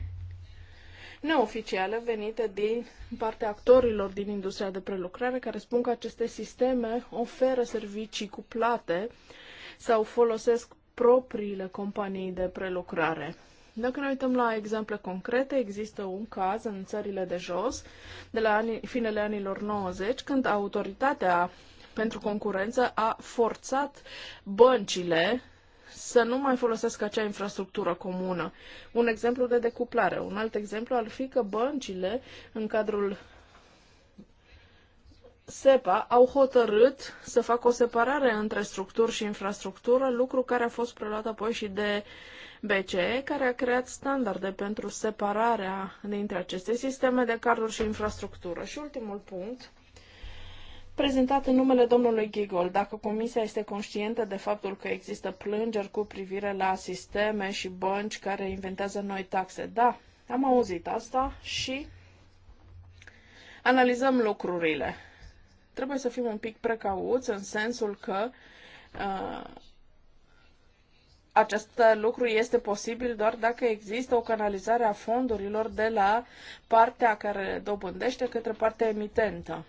neoficiale venite din partea actorilor din industria de prelucrare care spun că aceste sisteme oferă servicii cuplate sau folosesc propriile companii de prelucrare. Dacă ne uităm la exemple concrete, există un caz în țările de jos, de la anii, finele anilor 90, când autoritatea pentru concurență a forțat băncile să nu mai folosească acea infrastructură comună. Un exemplu de decuplare. Un alt exemplu ar fi că băncile, în cadrul SEPA au hotărât să facă o separare între structuri și infrastructură, lucru care a fost preluat apoi și de BCE, care a creat standarde pentru separarea dintre aceste sisteme de carduri și infrastructură. Și ultimul punct, prezentat în numele domnului Gigol. Dacă Comisia este conștientă de faptul că există plângeri cu privire la sisteme și bănci care inventează noi taxe, da, am auzit asta și analizăm lucrurile. Trebuie să fim un pic precauți în sensul că uh, acest lucru este posibil doar dacă există o canalizare a fondurilor de la partea care dobândește către partea emitentă.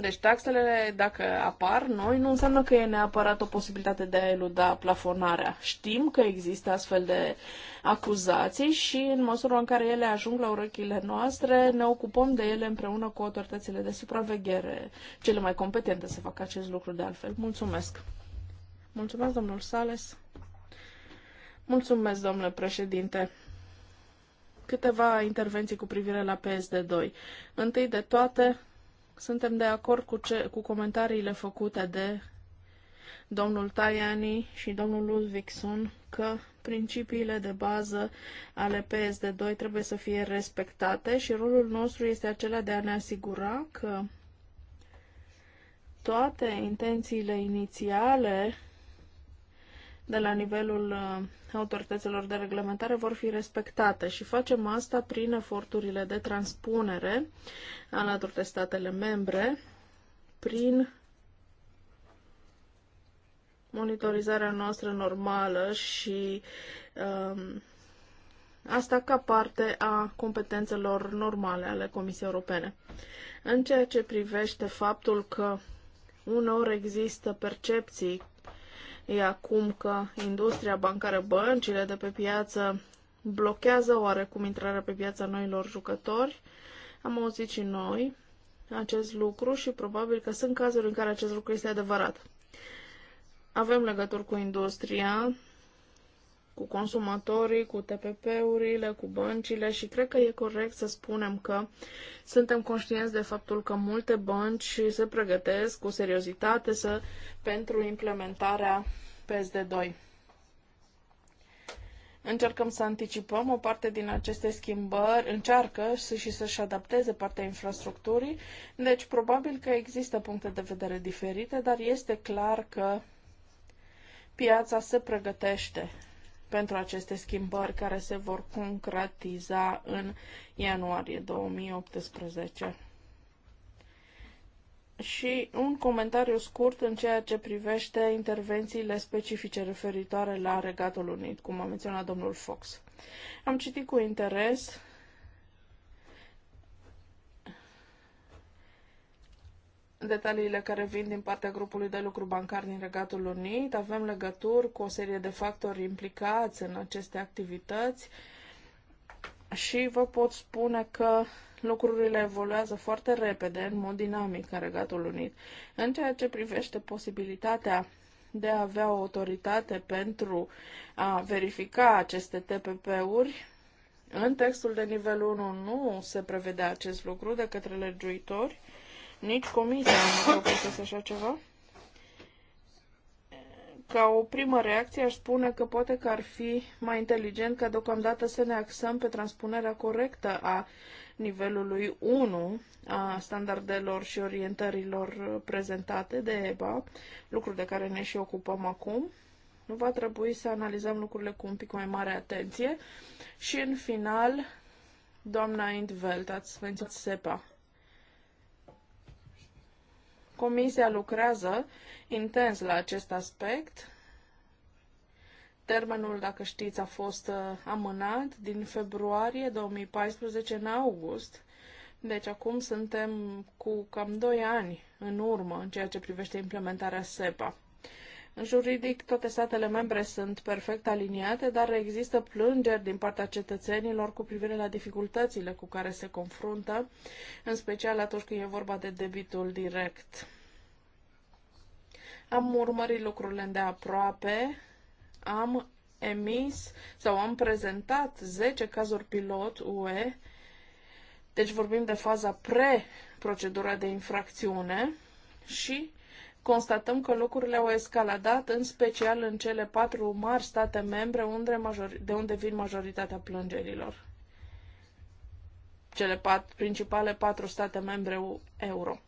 Deci taxele, dacă apar noi, nu înseamnă că e neapărat o posibilitate de a eluda plafonarea. Știm că există astfel de acuzații și în măsura în care ele ajung la urechile noastre, ne ocupăm de ele împreună cu autoritățile de supraveghere, cele mai competente să facă acest lucru de altfel. Mulțumesc! Mulțumesc, domnul Sales! Mulțumesc, domnule președinte! Câteva intervenții cu privire la PSD2. Întâi de toate, suntem de acord cu, ce, cu comentariile făcute de domnul Tajani și domnul Ludvigson că principiile de bază ale PSD2 trebuie să fie respectate și rolul nostru este acela de a ne asigura că toate intențiile inițiale de la nivelul uh, autorităților de reglementare vor fi respectate și facem asta prin eforturile de transpunere alături de statele membre, prin monitorizarea noastră normală și um, asta ca parte a competențelor normale ale Comisiei Europene. În ceea ce privește faptul că uneori există percepții e acum că industria bancară, băncile de pe piață blochează oarecum intrarea pe piața noilor jucători. Am auzit și noi acest lucru și probabil că sunt cazuri în care acest lucru este adevărat. Avem legături cu industria, cu consumatorii, cu TPP-urile, cu băncile și cred că e corect să spunem că suntem conștienți de faptul că multe bănci se pregătesc cu seriozitate să, pentru implementarea PSD2. Încercăm să anticipăm o parte din aceste schimbări, încearcă și să-și adapteze partea infrastructurii, deci probabil că există puncte de vedere diferite, dar este clar că piața se pregătește pentru aceste schimbări care se vor concretiza în ianuarie 2018. Și un comentariu scurt în ceea ce privește intervențiile specifice referitoare la Regatul Unit, cum a menționat domnul Fox. Am citit cu interes detaliile care vin din partea grupului de lucru bancar din Regatul Unit. Avem legături cu o serie de factori implicați în aceste activități și vă pot spune că lucrurile evoluează foarte repede, în mod dinamic, în Regatul Unit. În ceea ce privește posibilitatea de a avea o autoritate pentru a verifica aceste TPP-uri, în textul de nivel 1 nu se prevede acest lucru de către legiuitori, nici comisia nu făcut așa ceva. Ca o primă reacție aș spune că poate că ar fi mai inteligent ca deocamdată să ne axăm pe transpunerea corectă a nivelului 1 a standardelor și orientărilor prezentate de EBA, lucru de care ne și ocupăm acum. Nu va trebui să analizăm lucrurile cu un pic mai mare atenție. Și în final, doamna Intveld, ați venit SEPA. Comisia lucrează intens la acest aspect. Termenul, dacă știți, a fost uh, amânat din februarie 2014 în august. Deci acum suntem cu cam 2 ani în urmă în ceea ce privește implementarea SEPA. În Juridic, toate statele membre sunt perfect aliniate, dar există plângeri din partea cetățenilor cu privire la dificultățile cu care se confruntă, în special atunci când e vorba de debitul direct. Am urmărit lucrurile de aproape, am emis sau am prezentat 10 cazuri pilot UE, deci vorbim de faza pre-procedura de infracțiune și constatăm că lucrurile au escaladat, în special în cele patru mari state membre unde major... de unde vin majoritatea plângerilor. Cele pat... principale patru state membre euro.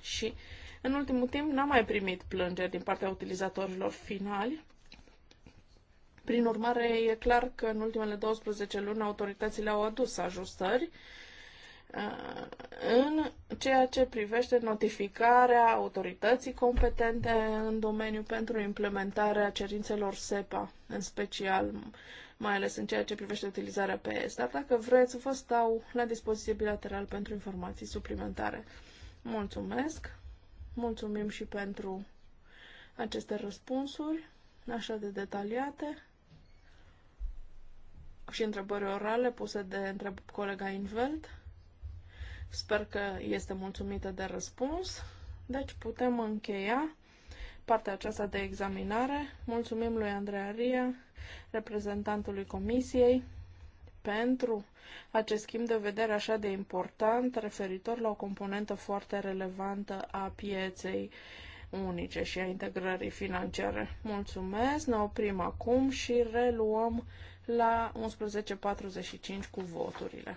Și în ultimul timp n-am mai primit plângeri din partea utilizatorilor finali. Prin urmare, e clar că în ultimele 12 luni autoritățile au adus ajustări Uh, în ceea ce privește notificarea autorității competente în domeniu pentru implementarea cerințelor SEPA, în special, mai ales în ceea ce privește utilizarea PS. Dar dacă vreți, vă stau la dispoziție bilateral pentru informații suplimentare. Mulțumesc! Mulțumim și pentru aceste răspunsuri așa de detaliate și întrebări orale puse de întreb colega Invelt. Sper că este mulțumită de răspuns. Deci putem încheia partea aceasta de examinare. Mulțumim lui Andreea Ria, reprezentantului Comisiei, pentru acest schimb de vedere așa de important referitor la o componentă foarte relevantă a pieței unice și a integrării financiare. Mulțumesc, ne oprim acum și reluăm la 11.45 cu voturile.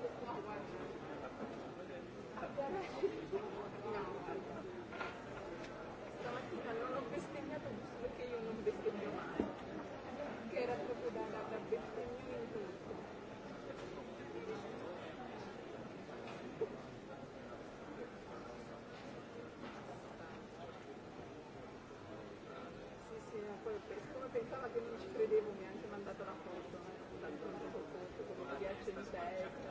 Thank you.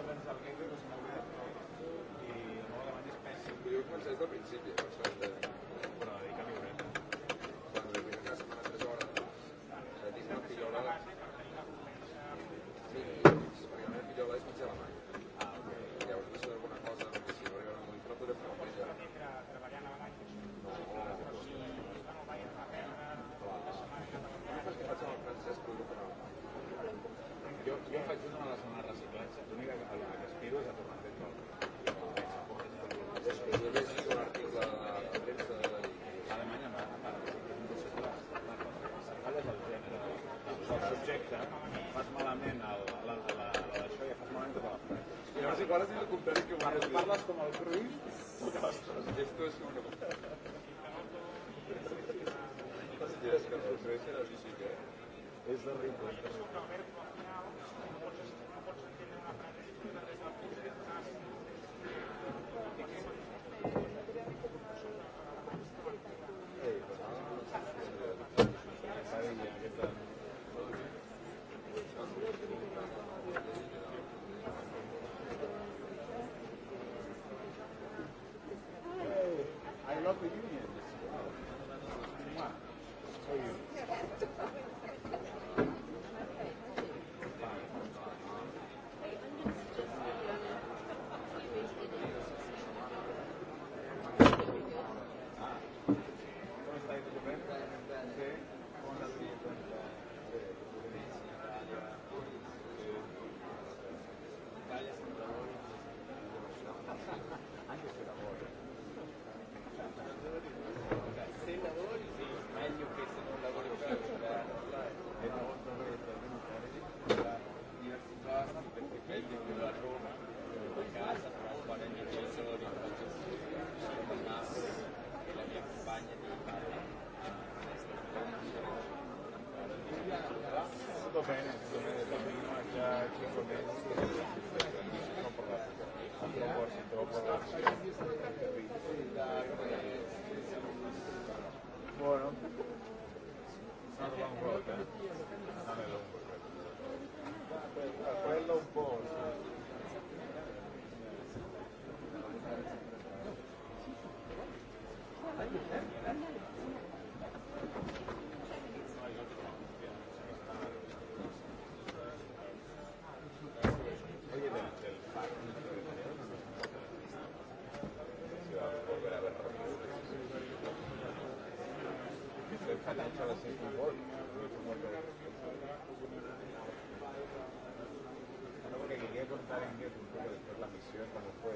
acuerdan es al que creo que se me olvida. Y luego además es pésimo. Yo he pensado Es de rico.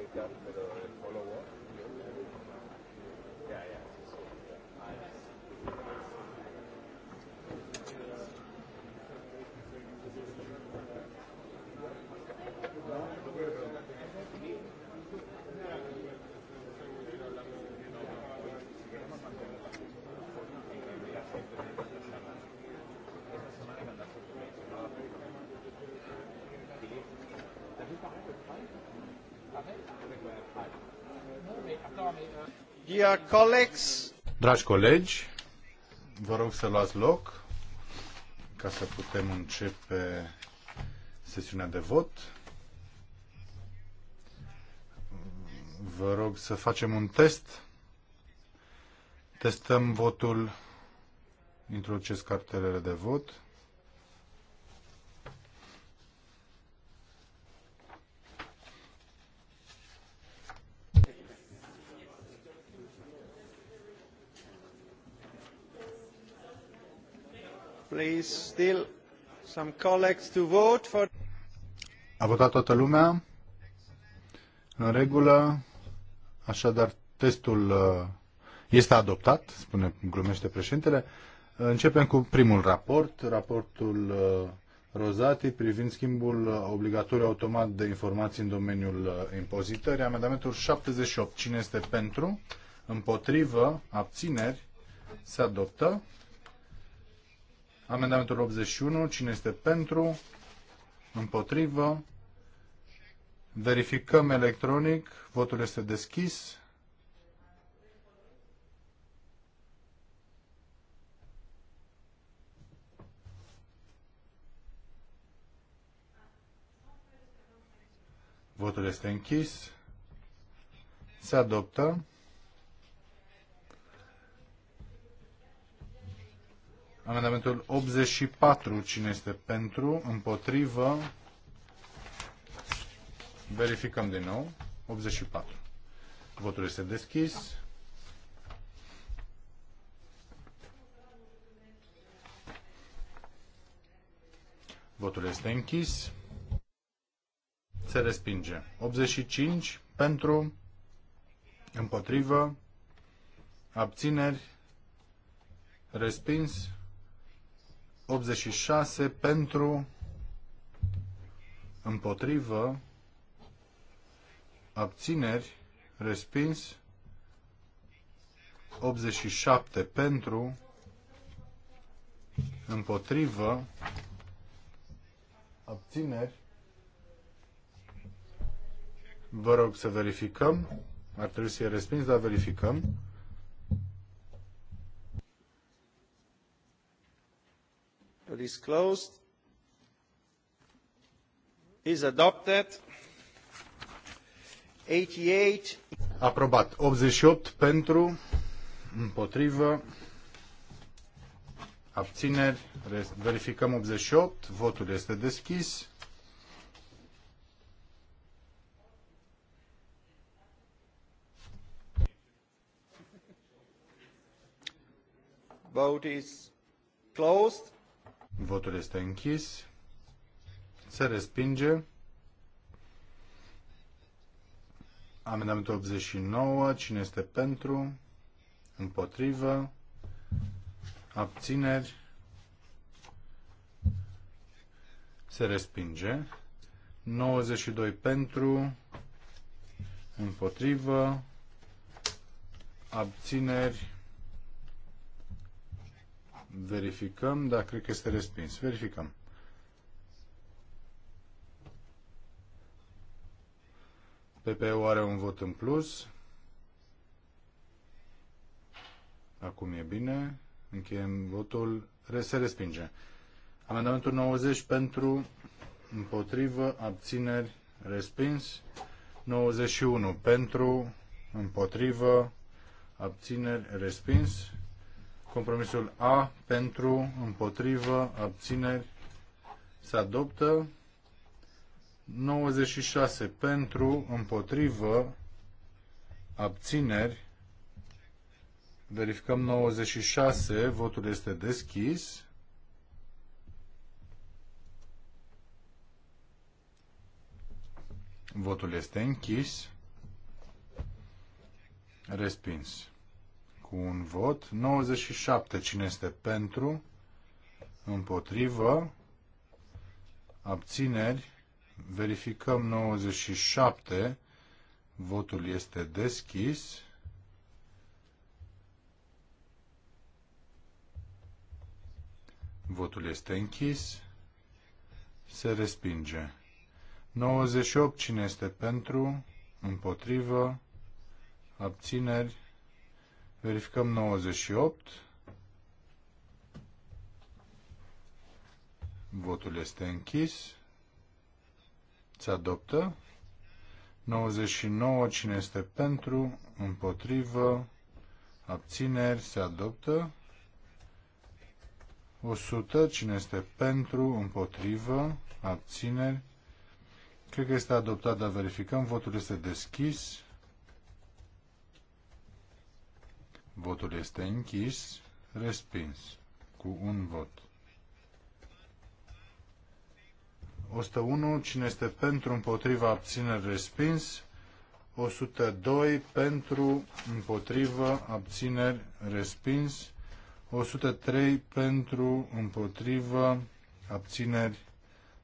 comunicar, pero Dear colleagues, Dragi colegi, vă rog să luați loc ca să putem începe sesiunea de vot. Vă rog să facem un test. Testăm votul. Introduceți cartelele de vot. Please, still some colleagues to vote for... A votat toată lumea? În regulă, așadar testul uh, este adoptat, spune, glumește președintele. Începem cu primul raport, raportul uh, Rozati privind schimbul uh, obligatoriu automat de informații în domeniul impozitării. Amendamentul 78. Cine este pentru? Împotrivă? Abțineri? Se adoptă. Amendamentul 81. Cine este pentru? Împotrivă. Verificăm electronic. Votul este deschis. Votul este închis. Se adoptă. Amendamentul 84, cine este pentru, împotrivă, verificăm din nou, 84. Votul este deschis. Votul este închis. Se respinge. 85 pentru, împotrivă, abțineri, respins. 86 pentru, împotrivă, abțineri, respins, 87 pentru, împotrivă, abțineri. Vă rog să verificăm. Ar trebui să fie respins, dar verificăm. Vote is closed. Is adopted. 88. Aprobat. 88 pentru, împotrivă, abțineri. Verificăm 88. Votul este deschis. Vote is closed. Votul este închis. Se respinge. Amendamentul 89. Cine este pentru? Împotrivă? Abțineri? Se respinge. 92 pentru, împotrivă, abțineri, Verificăm, dar cred că este respins. Verificăm. PPU are un vot în plus. Acum e bine. Încheiem votul. Se respinge. Amendamentul 90 pentru, împotrivă, abțineri, respins. 91 pentru, împotrivă, abțineri, respins. Compromisul A pentru, împotrivă, abțineri se adoptă. 96 pentru, împotrivă, abțineri. Verificăm 96, votul este deschis. Votul este închis. Respins cu un vot. 97. Cine este pentru? Împotrivă. Abțineri. Verificăm 97. Votul este deschis. Votul este închis. Se respinge. 98. Cine este pentru? Împotrivă? Abțineri? Verificăm 98. Votul este închis. Se adoptă. 99. Cine este pentru? Împotrivă? Abțineri? Se adoptă. 100. Cine este pentru? Împotrivă? Abțineri? Cred că este adoptat, dar verificăm. Votul este deschis. Votul este închis. Respins. Cu un vot. 101. Cine este pentru, împotriva, abțineri, respins. 102. Pentru, împotriva abțineri, respins. 103. Pentru, împotriva abțineri,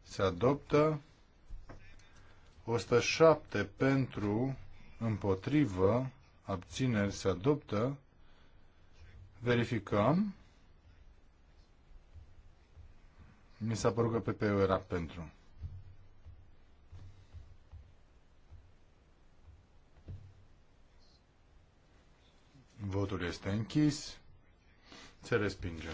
se adoptă. 107. Pentru, împotrivă, abțineri, se adoptă. Verificăm. Mi s-a părut că PP-ul era pentru. Votul este închis. Se respinge.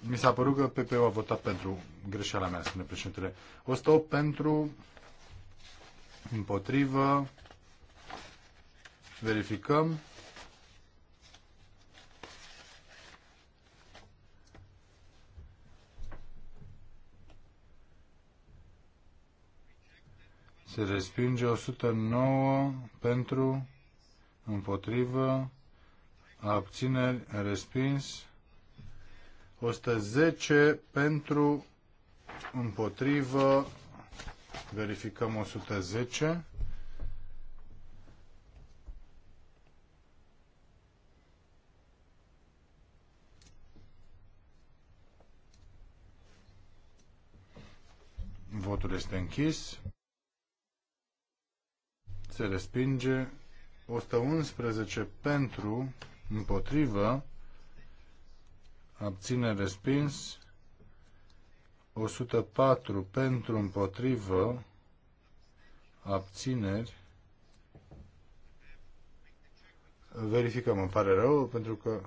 Mi s-a părut că PP-ul a votat pentru greșeala mea, spune președintele. stop pentru, împotrivă, verificăm. se respinge 109 pentru, împotrivă, abțineri, respins, 110 pentru, împotrivă, verificăm 110. Votul este închis se respinge 111 pentru, împotrivă, abține respins, 104 pentru, împotrivă, abțineri, verificăm, îmi pare rău, pentru că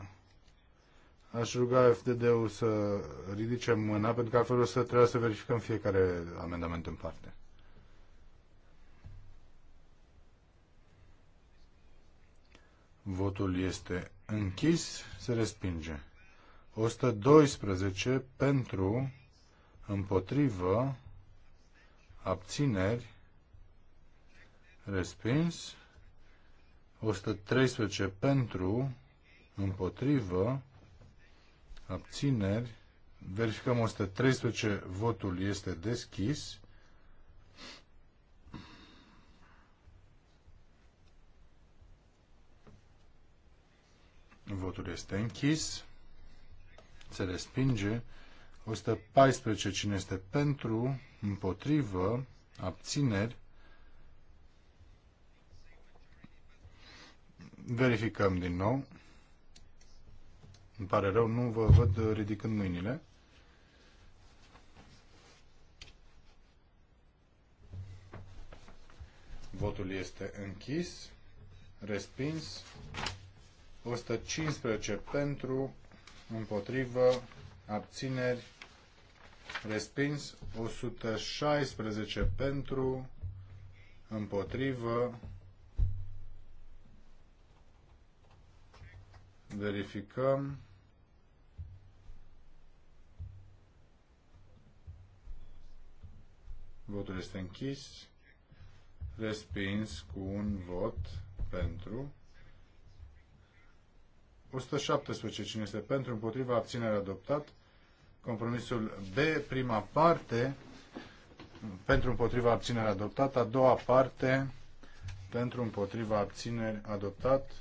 aș ruga FDD-ul să ridice mâna, pentru că altfel o să trebuie să verificăm fiecare amendament în parte. Votul este închis. Se respinge. 112 pentru, împotrivă, abțineri, respins. 113 pentru, împotrivă, abțineri. Verificăm 113, votul este deschis. Votul este închis. Se respinge. 114. Cine este pentru? Împotrivă? Abțineri? Verificăm din nou. Îmi pare rău, nu vă văd ridicând mâinile. Votul este închis, respins. 115 pentru, împotrivă, abțineri, respins. 116 pentru, împotrivă, verificăm. Votul este închis. Respins cu un vot pentru. 117. Cine este pentru, împotriva, abținere adoptat. Compromisul B, prima parte, pentru împotriva abținere adoptat. A doua parte, pentru împotriva abținere, adoptat.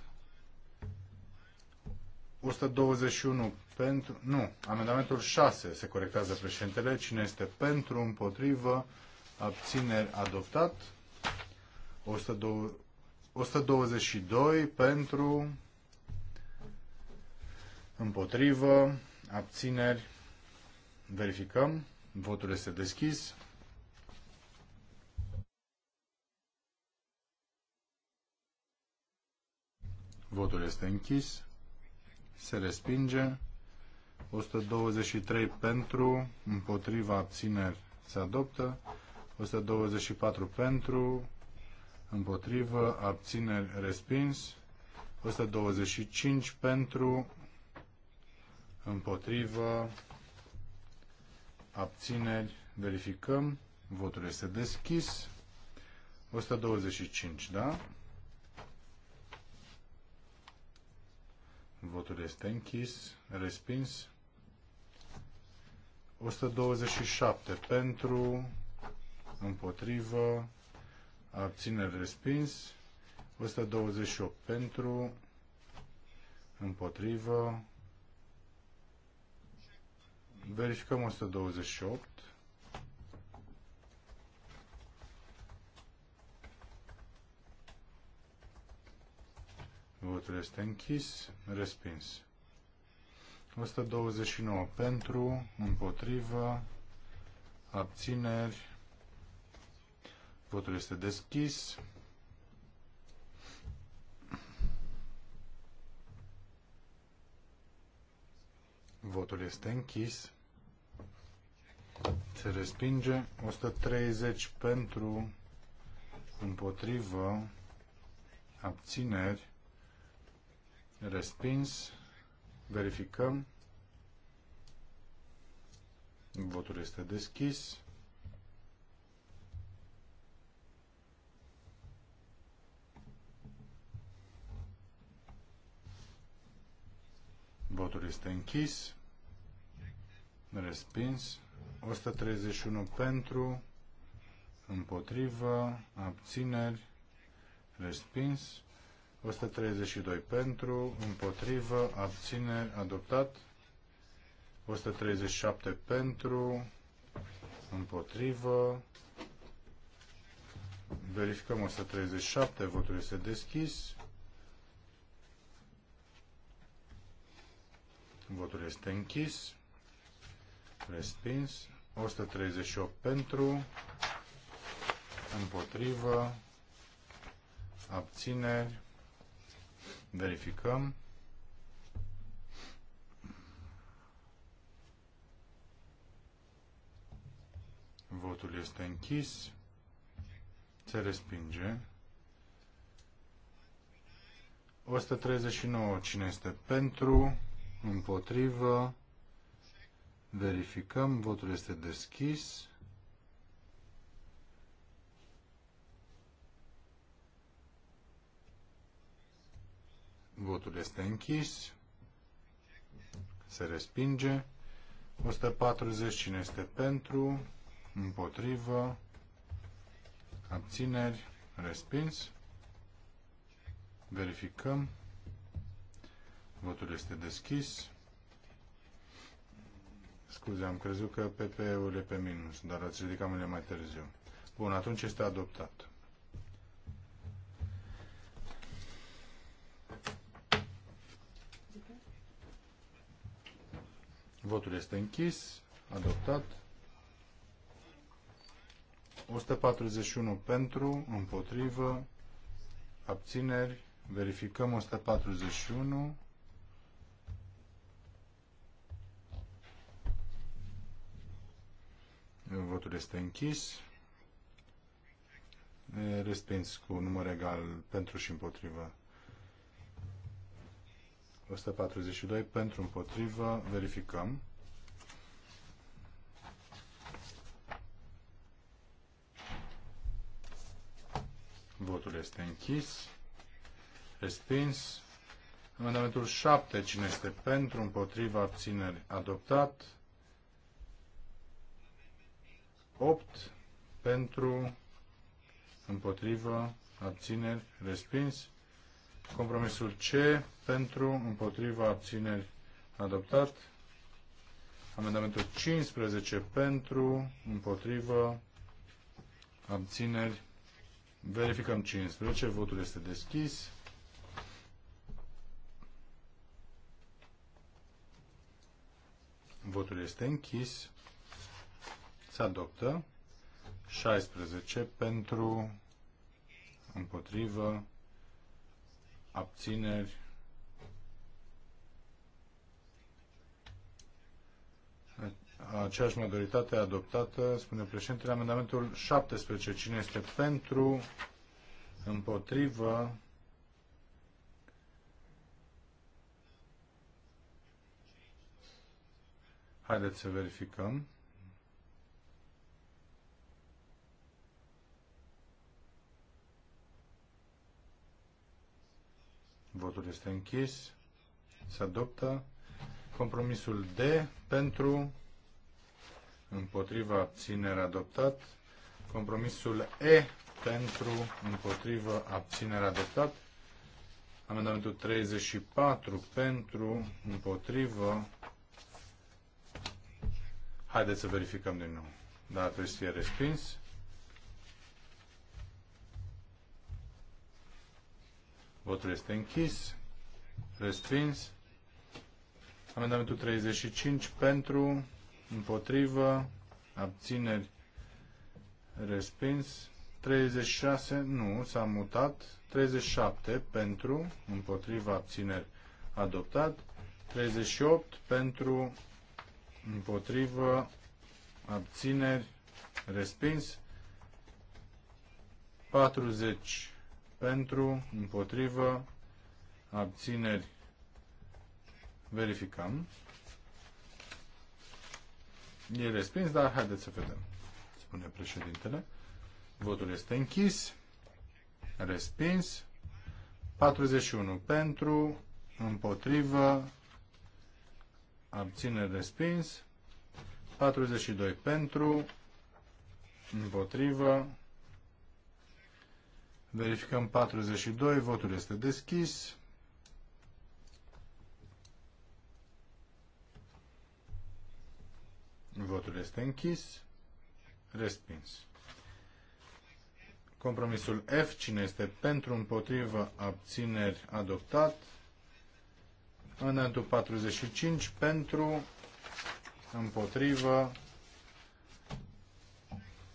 121 pentru, nu, amendamentul 6 se corectează președintele. Cine este pentru, împotrivă, abțineri adoptat. 122 pentru, împotrivă, abțineri, verificăm, votul este deschis. Votul este închis. Se respinge. 123 pentru, împotriva abțineri se adoptă. 124 pentru, împotrivă, abțineri respins. 125 pentru, împotrivă, abțineri, verificăm, votul este deschis, 125, da? Votul este închis, respins. 127 pentru, împotrivă, abțineri respins. 128 pentru, împotrivă, Verificăm 128. Votul este închis. Respins. 129 pentru, împotrivă, abțineri. Votul este deschis. Votul este închis se respinge, 130 pentru, împotrivă, abțineri, respins, verificăm, votul este deschis, votul este închis, respins, 131 pentru, împotrivă, abțineri, respins. 132 pentru, împotrivă, abțineri, adoptat. 137 pentru, împotrivă. Verificăm 137, votul este deschis. Votul este închis. Respins. 138 pentru. Împotrivă. Abțineri. Verificăm. Votul este închis. Se respinge. 139. Cine este pentru? Împotrivă? Verificăm, votul este deschis. Votul este închis. Se respinge. 140 cine este pentru, împotrivă, abțineri, respins. Verificăm. Votul este deschis. Scuze, am crezut că PP-ul e pe minus, dar ați ridicat mâine mai târziu. Bun, atunci este adoptat. Votul este închis, adoptat. 141 pentru, împotrivă, abțineri, verificăm 141. Votul este închis. Respins cu număr egal pentru și împotrivă. 142 pentru împotrivă. Verificăm. Votul este închis. Respins. Amendamentul 7. Cine este pentru, împotriva, abțineri, adoptat. 8 pentru, împotrivă, abțineri, respins. Compromisul C pentru, împotrivă, abțineri, adoptat. Amendamentul 15 pentru, împotrivă, abțineri. Verificăm 15. Votul este deschis. Votul este închis se adoptă. 16 pentru, împotrivă, abțineri. Aceeași majoritate adoptată, spune președintele, amendamentul 17. Cine este pentru, împotrivă, Haideți să verificăm. Votul este închis. Se adoptă. Compromisul D pentru împotriva abținere adoptat. Compromisul E pentru împotriva abținere adoptat. Amendamentul 34 pentru împotrivă. Haideți să verificăm din nou. Da, trebuie să fie respins. Votul este închis. Respins. Amendamentul 35 pentru, împotrivă, abțineri, respins. 36, nu, s-a mutat. 37 pentru, împotriva, abțineri, adoptat. 38 pentru, împotrivă, abțineri, respins. 40 pentru, împotrivă, abțineri, verificăm. E respins, dar haideți să vedem, spune președintele. Votul este închis, respins, 41 pentru, împotrivă, abțineri, respins, 42 pentru, împotrivă, Verificăm 42, votul este deschis. Votul este închis. Respins. Compromisul F, cine este pentru, împotrivă, abțineri, adoptat. Amendamentul 45, pentru, împotrivă,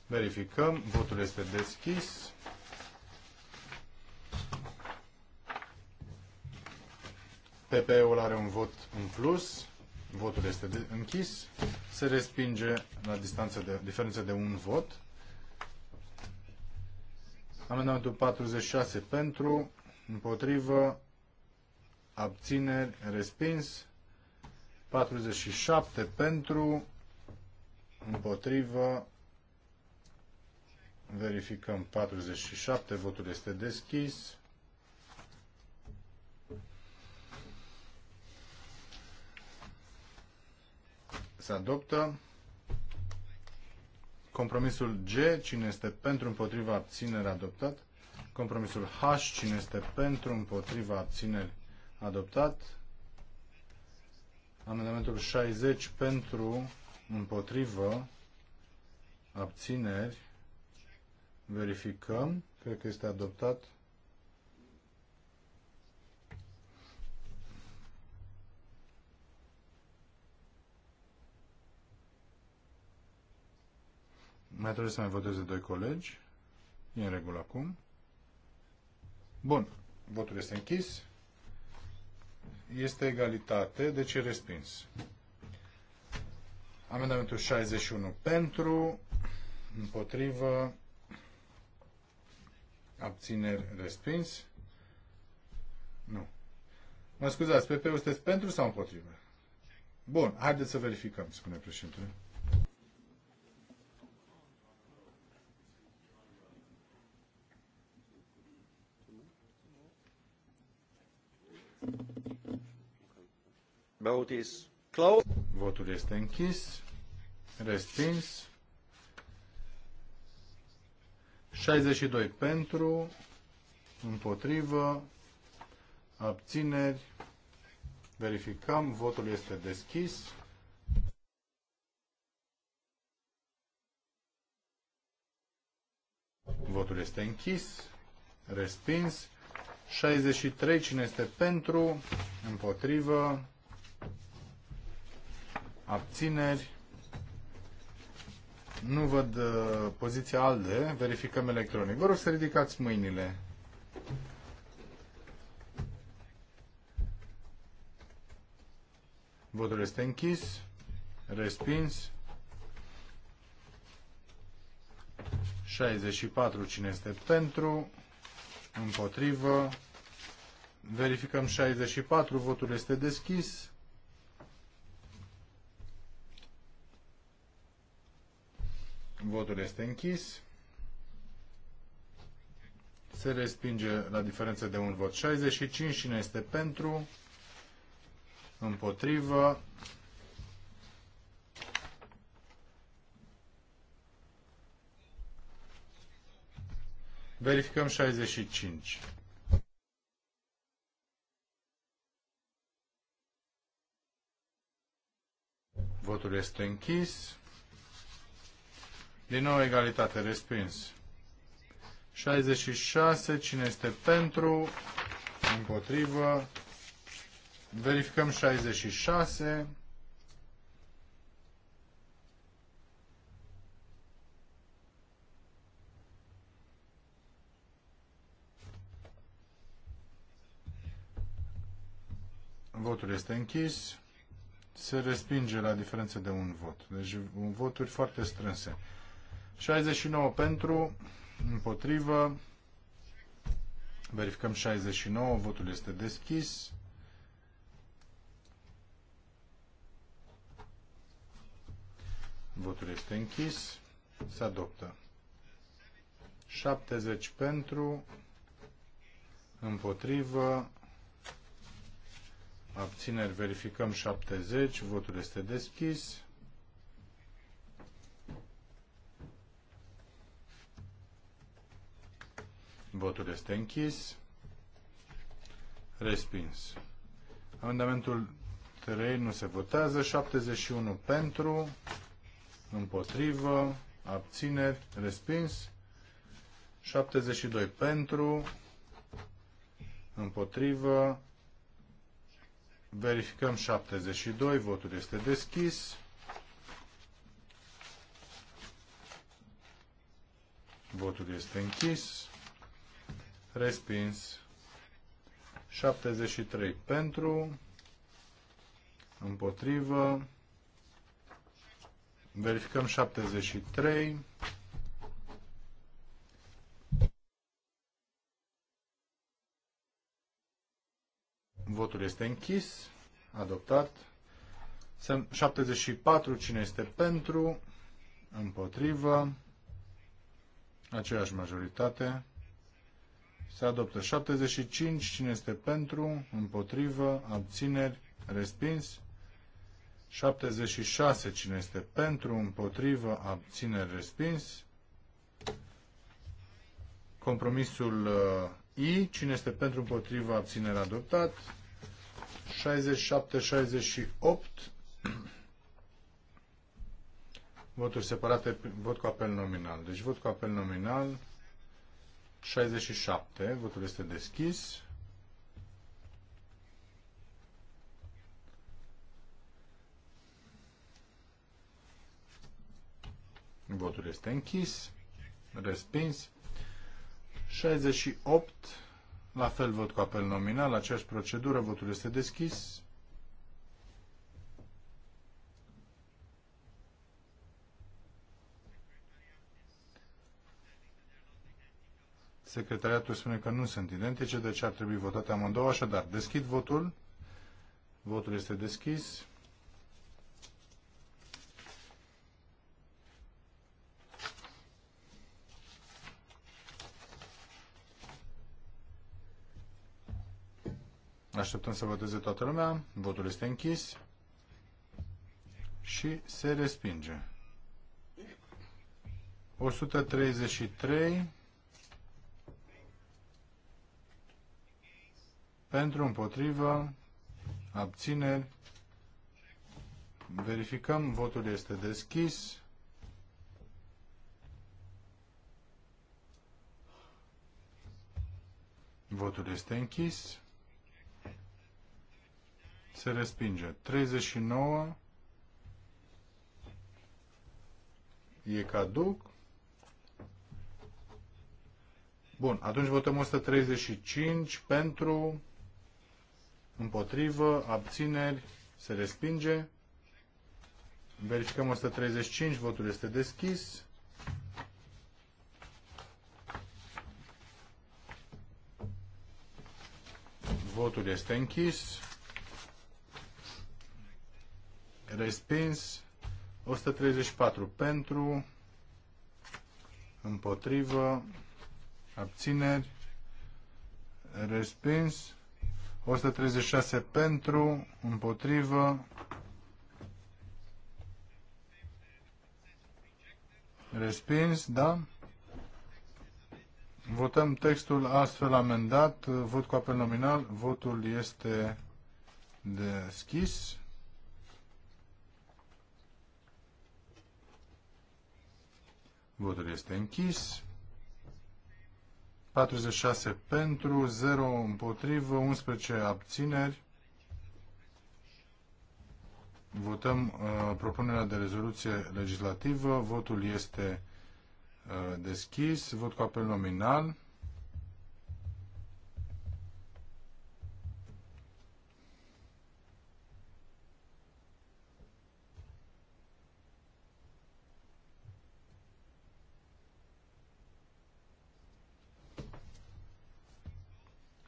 verificăm, votul este deschis. PPE-ul are un vot în plus. Votul este închis. Se respinge la distanță de, diferență de un vot. Amendamentul 46 pentru, împotrivă, abțineri, respins. 47 pentru, împotrivă, verificăm 47, votul este deschis. se adoptă. Compromisul G, cine este pentru, împotriva, abțineri, adoptat. Compromisul H, cine este pentru, împotriva, abțineri, adoptat. Amendamentul 60 pentru, împotrivă, abțineri, verificăm, cred că este adoptat. Mai trebuie să mai voteze doi colegi. E în regulă acum. Bun. Votul este închis. Este egalitate, deci e respins. Amendamentul 61 pentru, împotrivă, abțineri, respins. Nu. Mă scuzați, PP-ul sunteți pentru sau împotrivă? Bun, haideți să verificăm, spune președintele. Votul este închis. Respins. 62 pentru, împotrivă, abțineri. Verificăm, votul este deschis. Votul este închis, respins. 63. Cine este pentru? Împotrivă. Abțineri. Nu văd uh, poziția ALDE. Verificăm electronic. Vă rog să ridicați mâinile. Votul este închis. Respins. 64. Cine este pentru? împotrivă. Verificăm 64, votul este deschis. Votul este închis. Se respinge la diferență de un vot. 65, cine este pentru? Împotrivă. Verificăm 65. Votul este închis. Din nou egalitate, respins. 66, cine este pentru? Împotrivă. Verificăm 66. Votul este închis. Se respinge la diferență de un vot. Deci un voturi foarte strânse. 69 pentru, împotrivă. Verificăm 69. Votul este deschis. Votul este închis. Se adoptă. 70 pentru, împotrivă, abțineri, verificăm 70, votul este deschis. Votul este închis. Respins. Amendamentul 3 nu se votează. 71 pentru, împotrivă, abțineri, respins. 72 pentru, împotrivă, Verificăm 72, votul este deschis. Votul este închis. Respins. 73 pentru. Împotrivă. Verificăm 73. Votul este închis. Adoptat. 74. Cine este pentru? Împotrivă. Aceeași majoritate. Se adoptă 75. Cine este pentru? Împotrivă. Abțineri. Respins. 76. Cine este pentru? Împotrivă. Abțineri. Respins. Compromisul uh, I. Cine este pentru? Împotrivă. Abțineri. Adoptat. 67-68. Voturi separate, vot cu apel nominal. Deci vot cu apel nominal 67, votul este deschis. Votul este închis, respins. 68 la fel vot cu apel nominal, aceeași procedură, votul este deschis. Secretariatul spune că nu sunt identice, deci ar trebui votate amândouă. Așadar, deschid votul. Votul este deschis. Așteptăm să voteze toată lumea. Votul este închis. Și se respinge. 133 pentru împotrivă abțineri verificăm votul este deschis votul este închis se respinge. 39 e caduc. Bun, atunci votăm 135 pentru, împotrivă, abțineri, se respinge. Verificăm 135, votul este deschis. Votul este închis. respins. 134 pentru, împotrivă, abțineri, respins. 136 pentru, împotrivă, respins, da? Votăm textul astfel amendat, vot cu apel nominal, votul este deschis. Votul este închis. 46 pentru, 0 împotrivă, 11 abțineri. Votăm uh, propunerea de rezoluție legislativă. Votul este uh, deschis. Vot cu apel nominal.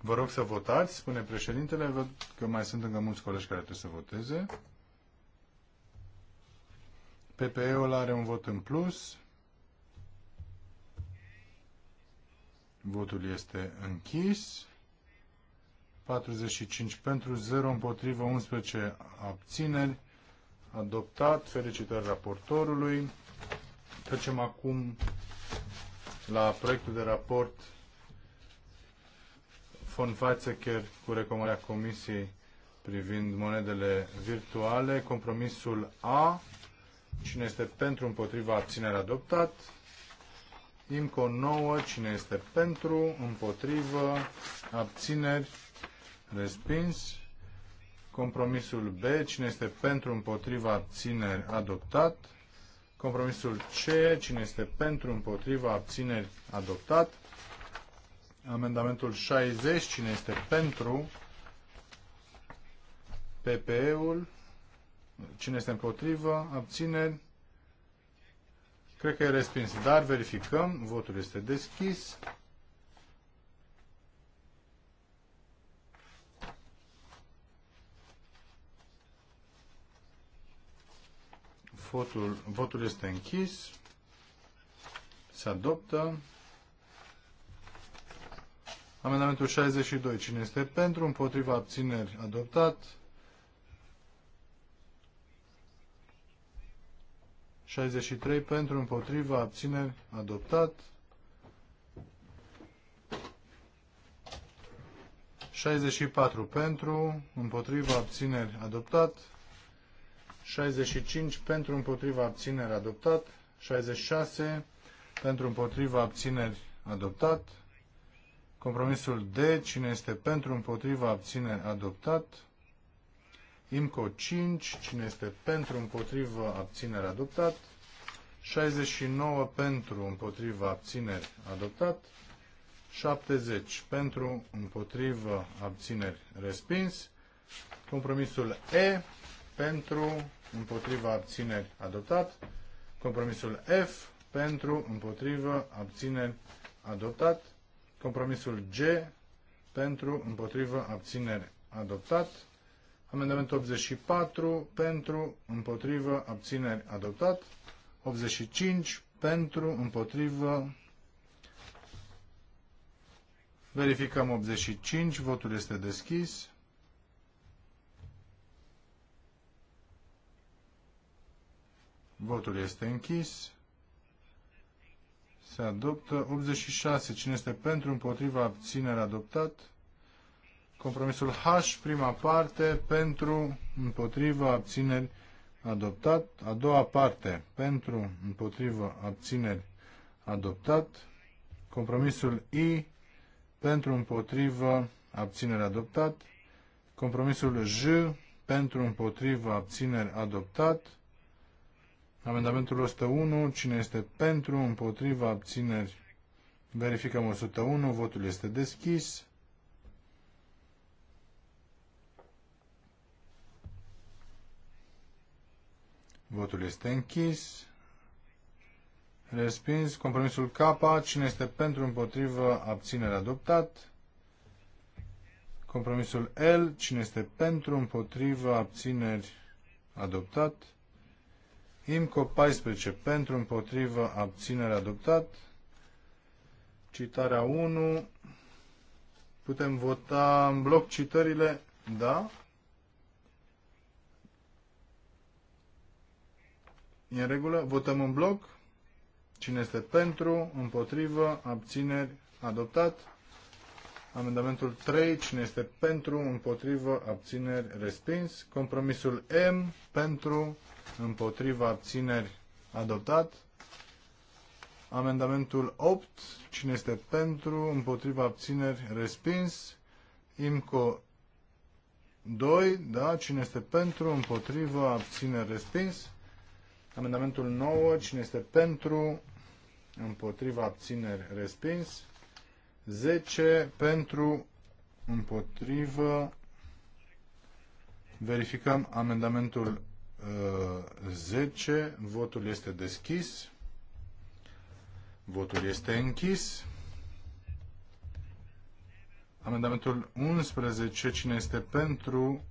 Vă rog să votați, spune președintele. Văd că mai sunt încă mulți colegi care trebuie să voteze. PPE-ul are un vot în plus. Votul este închis. 45 pentru, 0 împotrivă, 11 abțineri. Adoptat. Felicitări raportorului. Trecem acum la proiectul de raport von Weizsäcker cu recomandarea Comisiei privind monedele virtuale. Compromisul A. Cine este pentru, împotriva, abținere adoptat. IMCO 9. Cine este pentru, împotrivă, abțineri, respins. Compromisul B. Cine este pentru, împotriva, abțineri, adoptat. Compromisul C. Cine este pentru, împotriva, abțineri, adoptat. Amendamentul 60, cine este pentru? PPE-ul. Cine este împotrivă? Abțineri. Cred că e respins, dar verificăm. Votul este deschis. Votul, votul este închis. Se adoptă. Amendamentul 62. Cine este pentru? Împotriva abțineri adoptat. 63 pentru, împotriva, abțineri, adoptat. 64 pentru, împotriva, abțineri, adoptat. 65 pentru, împotriva, abțineri, adoptat. 66 pentru, împotriva, abțineri, adoptat. Compromisul D, cine este pentru, împotriva, abțineri, adoptat. IMCO 5, cine este pentru, împotriva, abțineri, adoptat. 69 pentru, împotriva, abțineri, adoptat. 70 pentru, împotriva abțineri, respins. Compromisul E pentru, împotriva, abțineri, adoptat. Compromisul F pentru, împotriva abțineri, adoptat. Compromisul G pentru, împotrivă, abținere. Adoptat. Amendamentul 84 pentru, împotrivă, abținere. Adoptat. 85 pentru, împotrivă. Verificăm 85. Votul este deschis. Votul este închis se adoptă. 86, cine este pentru, împotriva, abținere, adoptat. Compromisul H, prima parte, pentru, împotriva, abțineri, adoptat. A doua parte, pentru, împotriva, abțineri, adoptat. Compromisul I, pentru, împotriva, abțineri, adoptat. Compromisul J, pentru, împotriva, abțineri, adoptat. Amendamentul 101, cine este pentru, împotriva, abțineri. Verificăm 101, votul este deschis. Votul este închis. Respins. Compromisul K. Cine este pentru, împotrivă, abținere adoptat. Compromisul L. Cine este pentru, împotrivă, abțineri adoptat. IMCO 14 pentru, împotrivă, abținere adoptat. Citarea 1. Putem vota în bloc citările? Da. E în regulă? Votăm în bloc. Cine este pentru, împotrivă, abțineri, adoptat. Amendamentul 3. Cine este pentru, împotrivă, abțineri, respins. Compromisul M. Pentru, împotriva abțineri adoptat. Amendamentul 8, cine este pentru, împotriva abțineri respins. IMCO 2, da, cine este pentru, împotriva abțineri respins. Amendamentul 9, cine este pentru, împotriva abțineri respins. 10 pentru, împotrivă. Verificăm amendamentul 10. Votul este deschis. Votul este închis. Amendamentul 11. Cine este pentru?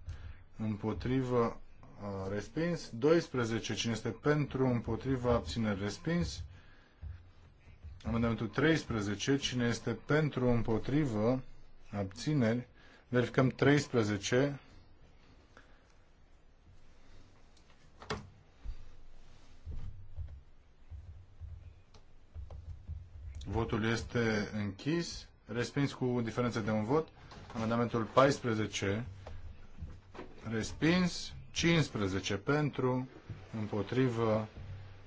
Împotrivă? Respins. 12. Cine este pentru? Împotrivă? Abțineri? Respins. Amendamentul 13. Cine este pentru? Împotrivă? Abțineri? Verificăm 13. Votul este închis. Respins cu diferență de un vot. Amendamentul 14 respins. 15 pentru, împotrivă,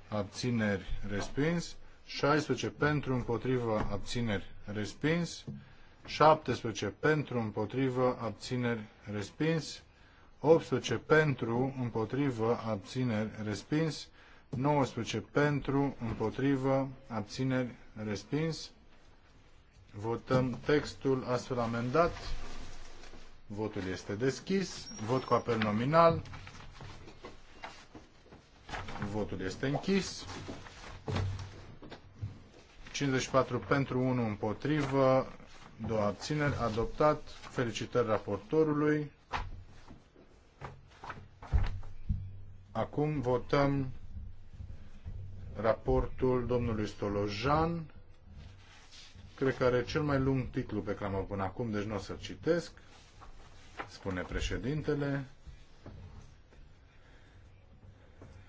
abțineri, respins. 16 pentru, împotrivă, abțineri, respins. 17 pentru, împotrivă, abțineri, respins. 18 pentru, împotrivă, abțineri, respins. 19 pentru, împotrivă, abțineri, Respins. Votăm textul astfel amendat. Votul este deschis. Vot cu apel nominal. Votul este închis. 54 pentru 1 împotrivă, Două abțineri, adoptat. Felicitări raportorului. Acum votăm raportul domnului Stolojan, cred că are cel mai lung titlu pe care am avut până acum, deci nu o să-l citesc, spune președintele.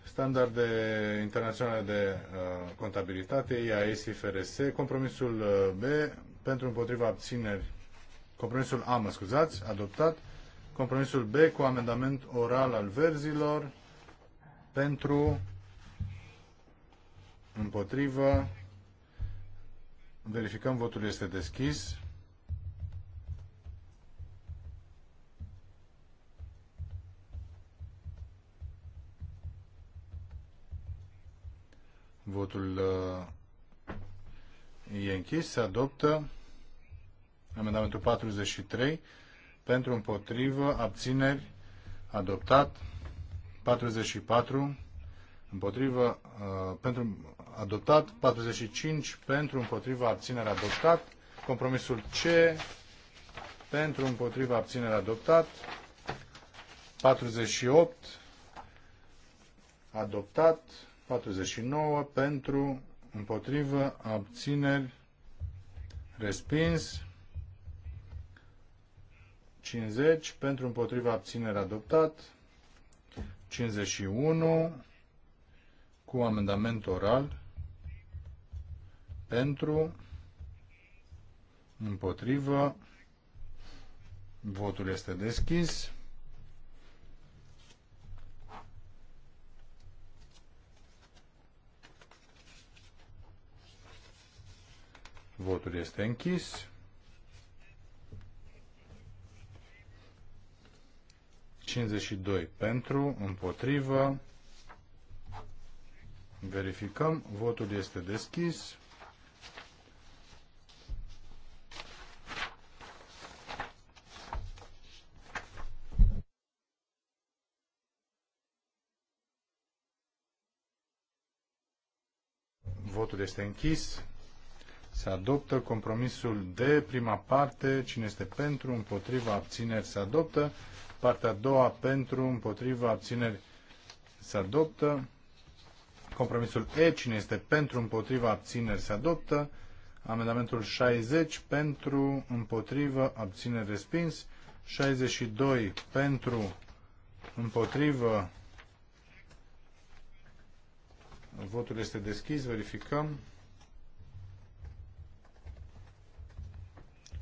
Standarde internaționale de uh, contabilitate, IAS, IFRS, compromisul uh, B pentru împotriva abțineri, compromisul A, mă scuzați, adoptat, compromisul B cu amendament oral al verzilor pentru împotrivă, verificăm, votul este deschis. Votul uh, e închis, se adoptă amendamentul 43 pentru împotrivă, abțineri, adoptat, 44 împotrivă, uh, pentru adoptat, 45 pentru, împotrivă, abținere adoptat, compromisul C pentru, împotrivă, abținere adoptat, 48 adoptat, 49 pentru, împotrivă, abțineri, respins, 50 pentru, împotrivă, abținere adoptat, 51 cu amendament oral pentru, împotrivă, votul este deschis. Votul este închis. Cincizeci și doi pentru, împotrivă. Verificăm. Votul este deschis. Votul este închis. Se adoptă compromisul de prima parte. Cine este pentru, împotriva, abțineri, se adoptă. Partea a doua, pentru, împotriva, abțineri, se adoptă. Compromisul E, cine este pentru, împotriva, abțineri, se adoptă. Amendamentul 60 pentru, împotrivă, abțineri, respins. 62 pentru, împotrivă, votul este deschis, verificăm.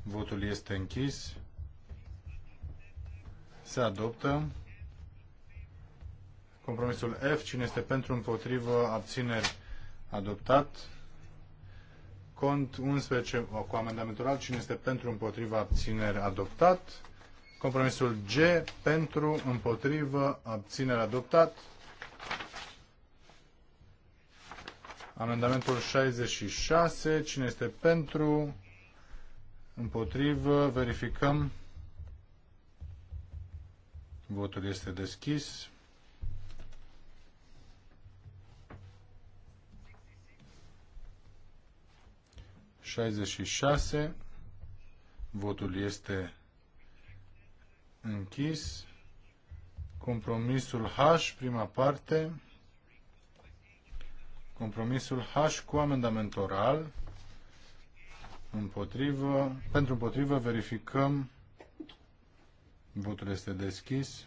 Votul este închis. Se adoptă. Compromisul F, cine este pentru, împotrivă, abțineri, adoptat. Cont 11 cu amendamentul oral, cine este pentru, împotrivă, abțineri, adoptat. Compromisul G, pentru, împotrivă, abțineri, adoptat. Amendamentul 66, cine este pentru, împotrivă, verificăm. Votul este deschis. 66. Votul este închis. Compromisul H, prima parte. Compromisul H cu amendament oral. Împotrivă. Pentru împotrivă verificăm. Votul este deschis.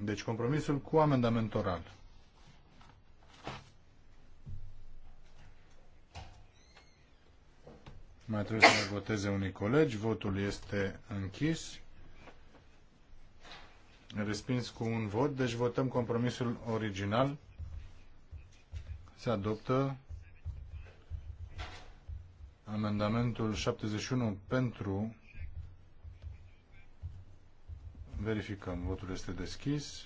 Deci compromisul cu amendament oral. Mai trebuie să voteze unii colegi. Votul este închis. Respins cu un vot. Deci votăm compromisul original. Se adoptă amendamentul 71 pentru verificăm. Votul este deschis.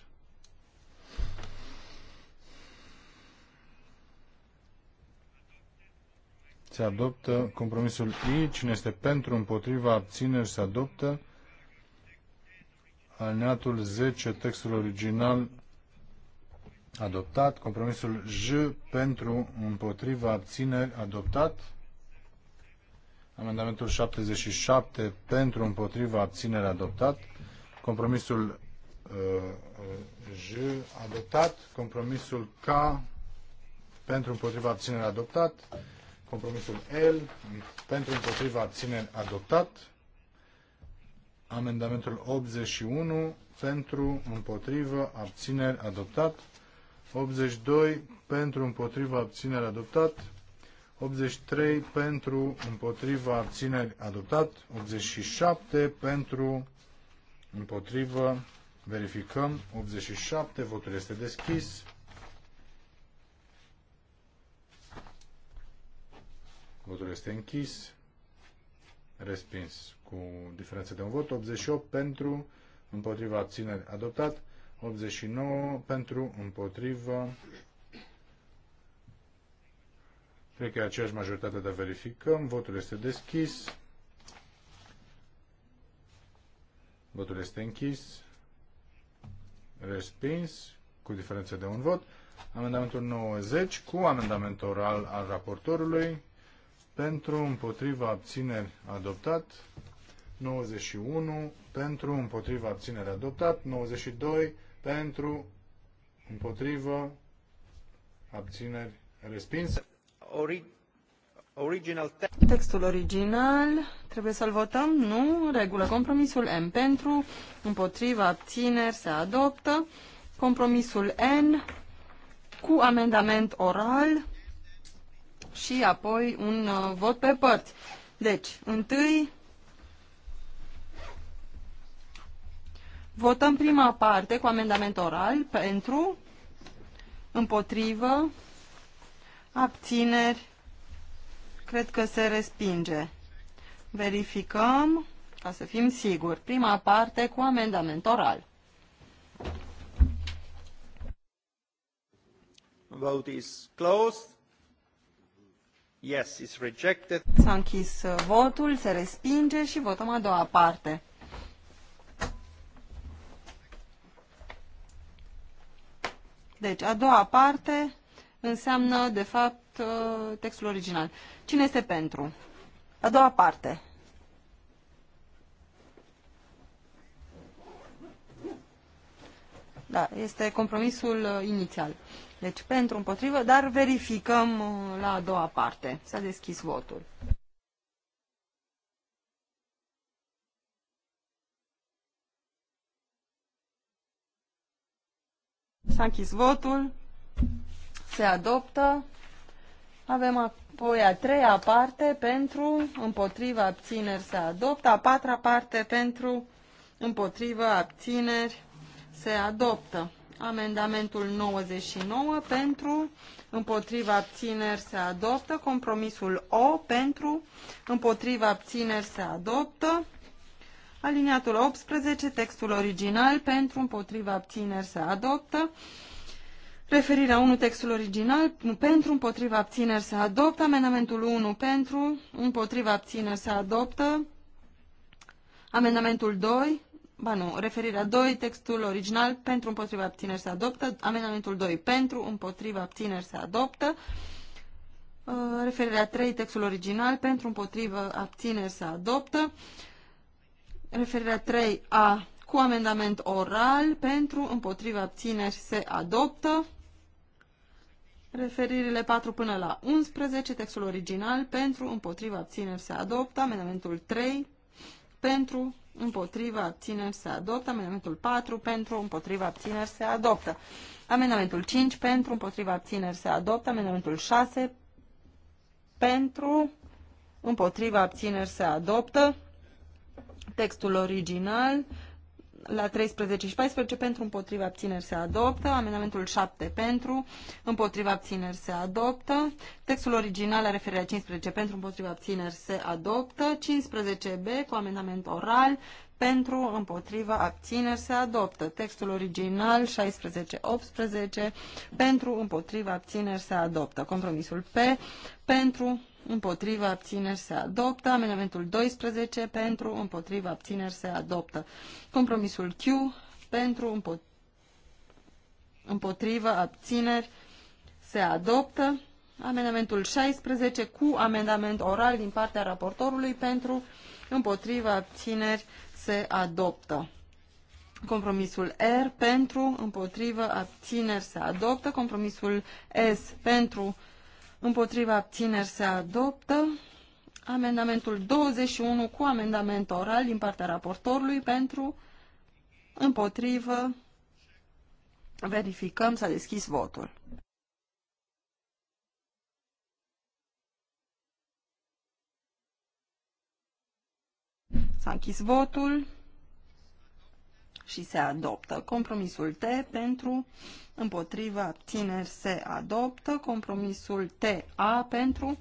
se adoptă. Compromisul I, cine este pentru, împotriva, abțineri, se adoptă. Alineatul 10, textul original adoptat. Compromisul J, pentru, împotriva, abțineri, adoptat. Amendamentul 77, pentru, împotriva, abțineri, adoptat. Compromisul uh, uh, J adoptat, compromisul K pentru împotriva abținerea adoptat, Compromisul L, pentru împotriva abțineri adoptat. Amendamentul 81, pentru împotriva abțineri adoptat. 82, pentru împotriva abțineri adoptat. 83 pentru, împotriva, abțineri, adoptat. 87 pentru, împotrivă, verificăm. 87, votul este deschis. Votul este închis. Respins cu diferență de un vot. 88 pentru, împotriva abțineri adoptat. 89 pentru, împotriva. Cred că e aceeași majoritate, de verificăm. Votul este deschis. Votul este închis. Respins cu diferență de un vot. Amendamentul 90 cu amendament oral al raportorului pentru, împotriva, abțineri, adoptat. 91 pentru, împotriva, abțineri adoptat. 92 pentru, împotriva abțineri, respins. Ori, original te Textul original, trebuie să-l votăm? Nu, regulă. Compromisul M pentru, împotriva, abțineri, se adoptă. Compromisul N cu amendament oral și apoi un uh, vot pe părți. Deci, întâi votăm prima parte cu amendament oral pentru, împotrivă, abțineri, cred că se respinge. Verificăm ca să fim siguri. Prima parte cu amendament oral. Vote is closed. Yes, it's rejected. S-a închis uh, votul, se respinge și votăm a doua parte. Deci, a doua parte înseamnă, de fapt, uh, textul original. Cine este pentru? A doua parte. Da, este compromisul uh, inițial. Deci pentru împotrivă, dar verificăm uh, la a doua parte. S-a deschis votul. S-a închis votul. Se adoptă. Avem apoi a treia parte pentru, împotriva, abțineri se adoptă. A patra parte pentru, împotriva, abțineri se adoptă. Amendamentul 99 pentru, împotriva abțineri se adoptă. Compromisul O pentru, împotriva abțineri se adoptă. Aliniatul 18, textul original pentru, împotriva abțineri se adoptă. Referirea 1, textul original, pentru, împotriva abțineri se adoptă. Amendamentul 1 pentru, împotriva abțineri se adoptă. Amendamentul 2 Ba nu, referirea 2, textul original, pentru împotriva abțineri se adoptă, amendamentul 2, pentru împotriva abțineri se adoptă, uh, referirea 3, textul original, pentru împotriva abțineri se adoptă, referirea 3A cu amendament oral, pentru împotriva abțineri se adoptă, referirile 4 până la 11, textul original, pentru împotriva abțineri se adoptă, amendamentul 3, pentru împotriva abțineri se adoptă, amendamentul 4 pentru, împotriva abțineri se adoptă, amendamentul 5 pentru, împotriva abțineri se adoptă, amendamentul 6 pentru, împotriva abțineri se adoptă, textul original la 13 și 14 pentru împotriva abțineri se adoptă, amendamentul 7 pentru împotriva abțineri se adoptă, textul original la referire la 15 pentru împotriva abțineri se adoptă, 15b cu amendament oral pentru împotriva abțineri se adoptă, textul original 16-18 pentru împotriva abțineri se adoptă, compromisul P pentru împotriva abțineri se adoptă, amendamentul 12 pentru, împotriva abțineri se adoptă, compromisul Q pentru, împotriva abțineri se adoptă, amendamentul 16 cu amendament oral din partea raportorului pentru, împotriva abțineri se adoptă. Compromisul R pentru, împotrivă, abțineri se adoptă. Compromisul S pentru, împotriva abțineri se adoptă. Amendamentul 21 cu amendament oral din partea raportorului pentru împotrivă. Verificăm, s-a deschis votul. S-a închis votul și se adoptă. Compromisul T pentru, împotriva, abțineri, se adoptă. Compromisul TA pentru,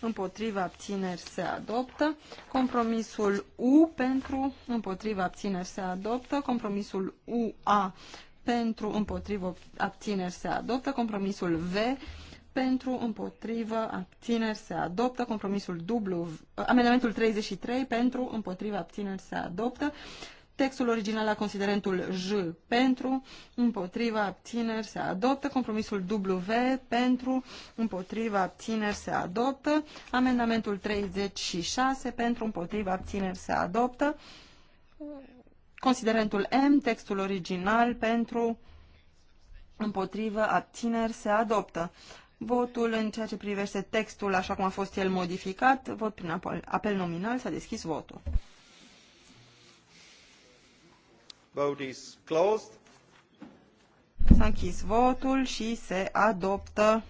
împotriva, abțineri, se adoptă. Compromisul U pentru, împotriva, abțineri, se adoptă. Compromisul UA pentru, împotriva, abțineri, se adoptă. Compromisul V pentru, împotriva abțineri se adoptă, compromisul dublu, amendamentul 33 pentru, împotriva abțineri se adoptă, Textul original la considerentul J pentru, împotriva, abțineri, se adoptă. Compromisul W pentru, împotriva, abțineri, se adoptă. Amendamentul 36 pentru, împotriva, abțineri, se adoptă. Considerentul M, textul original pentru, împotriva abțineri, se adoptă. Votul în ceea ce privește textul așa cum a fost el modificat, vot prin apel, apel nominal, s-a deschis votul. Vote is closed. S-a închis votul și se adoptă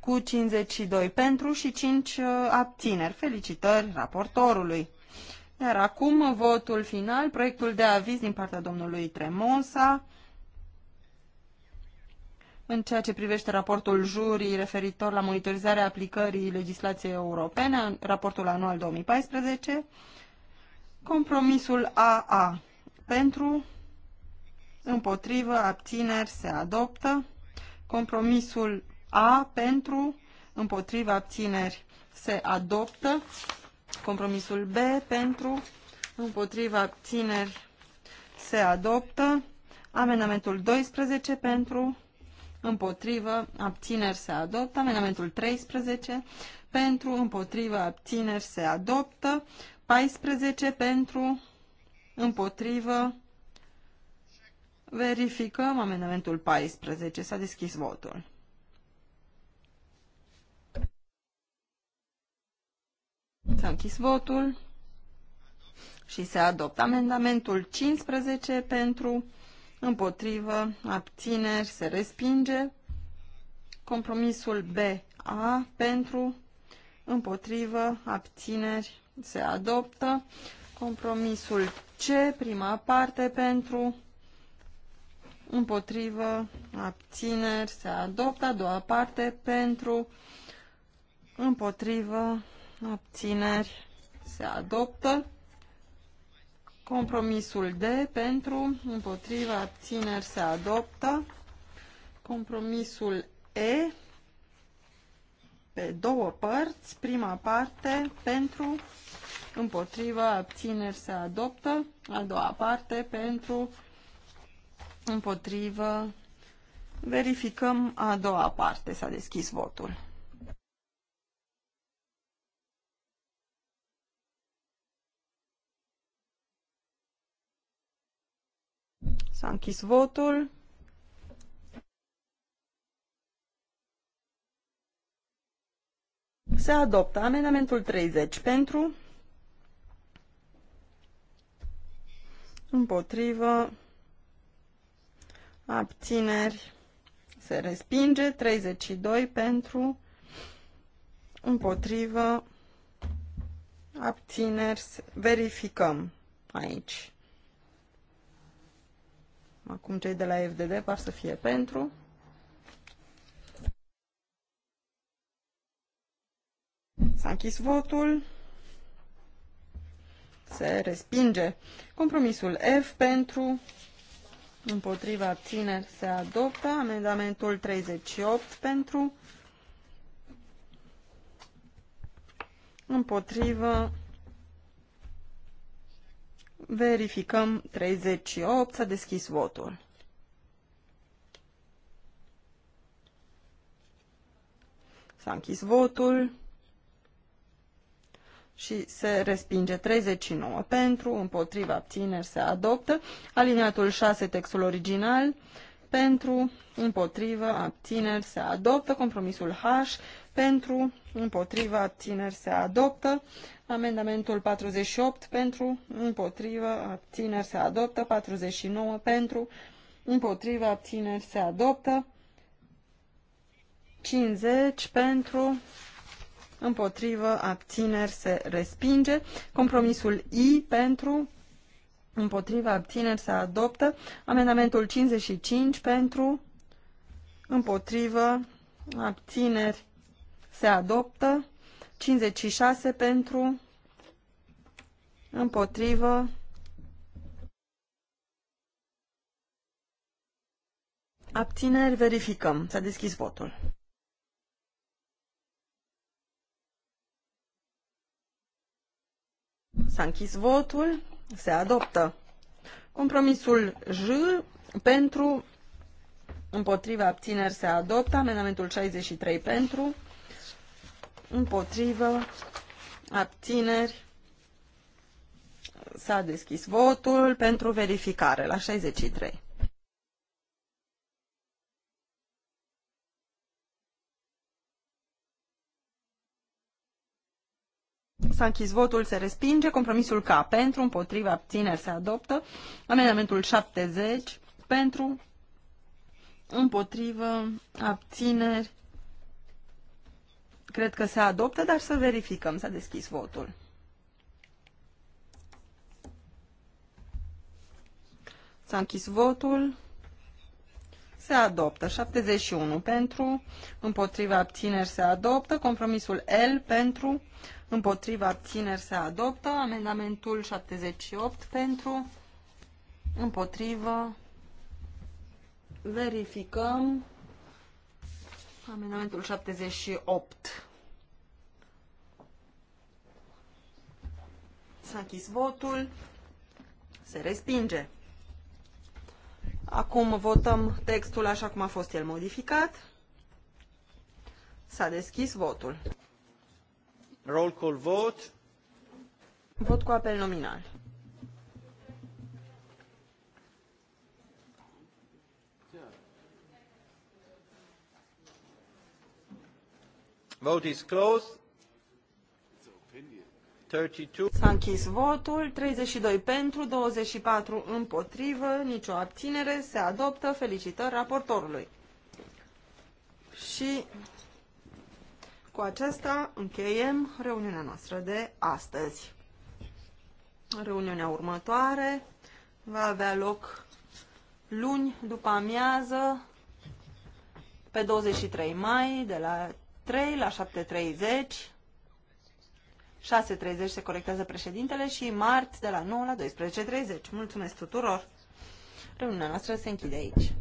cu 52 pentru și 5 uh, abțineri. Felicitări raportorului. Iar acum votul final, proiectul de aviz din partea domnului Tremosa în ceea ce privește raportul jurii referitor la monitorizarea aplicării legislației europene, raportul anual 2014, compromisul AA pentru, împotrivă, abțineri, se adoptă. Compromisul A pentru, împotrivă, abțineri, se adoptă. Compromisul B pentru, împotrivă, abțineri, se adoptă. Amendamentul 12 pentru, împotrivă, abțineri se adoptă. Amendamentul 13 pentru, împotrivă, abțineri se adoptă. 14 pentru, împotrivă, verificăm amendamentul 14. S-a deschis votul. S-a închis votul și se adoptă amendamentul 15 pentru, împotrivă, abțineri, se respinge. Compromisul BA pentru, împotrivă, abțineri, se adoptă. Compromisul C, prima parte, pentru, împotrivă, abțineri, se adoptă. A doua parte, pentru, împotrivă, abțineri, se adoptă. Compromisul D, pentru, împotrivă, abțineri, se adoptă. Compromisul E, pe două părți, prima parte, pentru, împotrivă, abțineri se adoptă. A doua parte pentru, împotrivă, verificăm a doua parte. S-a deschis votul. S-a închis votul. Se adoptă amendamentul 30 pentru, împotrivă, abțineri, se respinge, 32 pentru, împotrivă, abțineri, verificăm aici. Acum cei de la FDD par să fie pentru. S-a închis votul se respinge. Compromisul F pentru, împotriva abțineri se adoptă. Amendamentul 38 pentru, împotrivă, verificăm 38, s-a deschis votul. S-a închis votul și se respinge 39 pentru, împotriva abțineri se adoptă, aliniatul 6 textul original pentru, împotriva abțineri se adoptă, compromisul H pentru, împotriva abțineri se adoptă, amendamentul 48 pentru, împotriva abțineri se adoptă, 49 pentru, împotriva abțineri se adoptă, 50 pentru, împotrivă, abțineri, se respinge. Compromisul I pentru, împotrivă, abțineri, se adoptă. Amendamentul 55 pentru, împotrivă, abțineri, se adoptă. 56 pentru, împotrivă, abțineri, verificăm. S-a deschis votul. S-a închis votul. Se adoptă. Compromisul J pentru, împotriva abțineri se adoptă. Amendamentul 63 pentru, împotrivă abțineri s-a deschis votul pentru verificare la 63. S-a închis votul, se respinge. Compromisul K pentru, împotriva, abțineri, se adoptă. Amendamentul 70 pentru, împotrivă, abțineri. Cred că se adoptă, dar să verificăm. S-a deschis votul. S-a închis votul. Se adoptă. 71 pentru, împotriva abțineri se adoptă. Compromisul L pentru, împotriva abțineri se adoptă. Amendamentul 78 pentru, împotrivă, verificăm. Amendamentul 78. S-a închis votul. Se respinge. Acum votăm textul așa cum a fost el modificat. S-a deschis votul. Roll call vote. Vot cu apel nominal. Vote is closed. 32. S-a închis votul, 32 pentru, 24 împotrivă, nicio abținere, se adoptă, felicitări raportorului. Și cu aceasta încheiem reuniunea noastră de astăzi. Reuniunea următoare va avea loc luni după amiază pe 23 mai de la 3 la 7.30 6.30 se corectează președintele și marți de la 9 la 12.30. Mulțumesc tuturor! Reuniunea noastră se închide aici.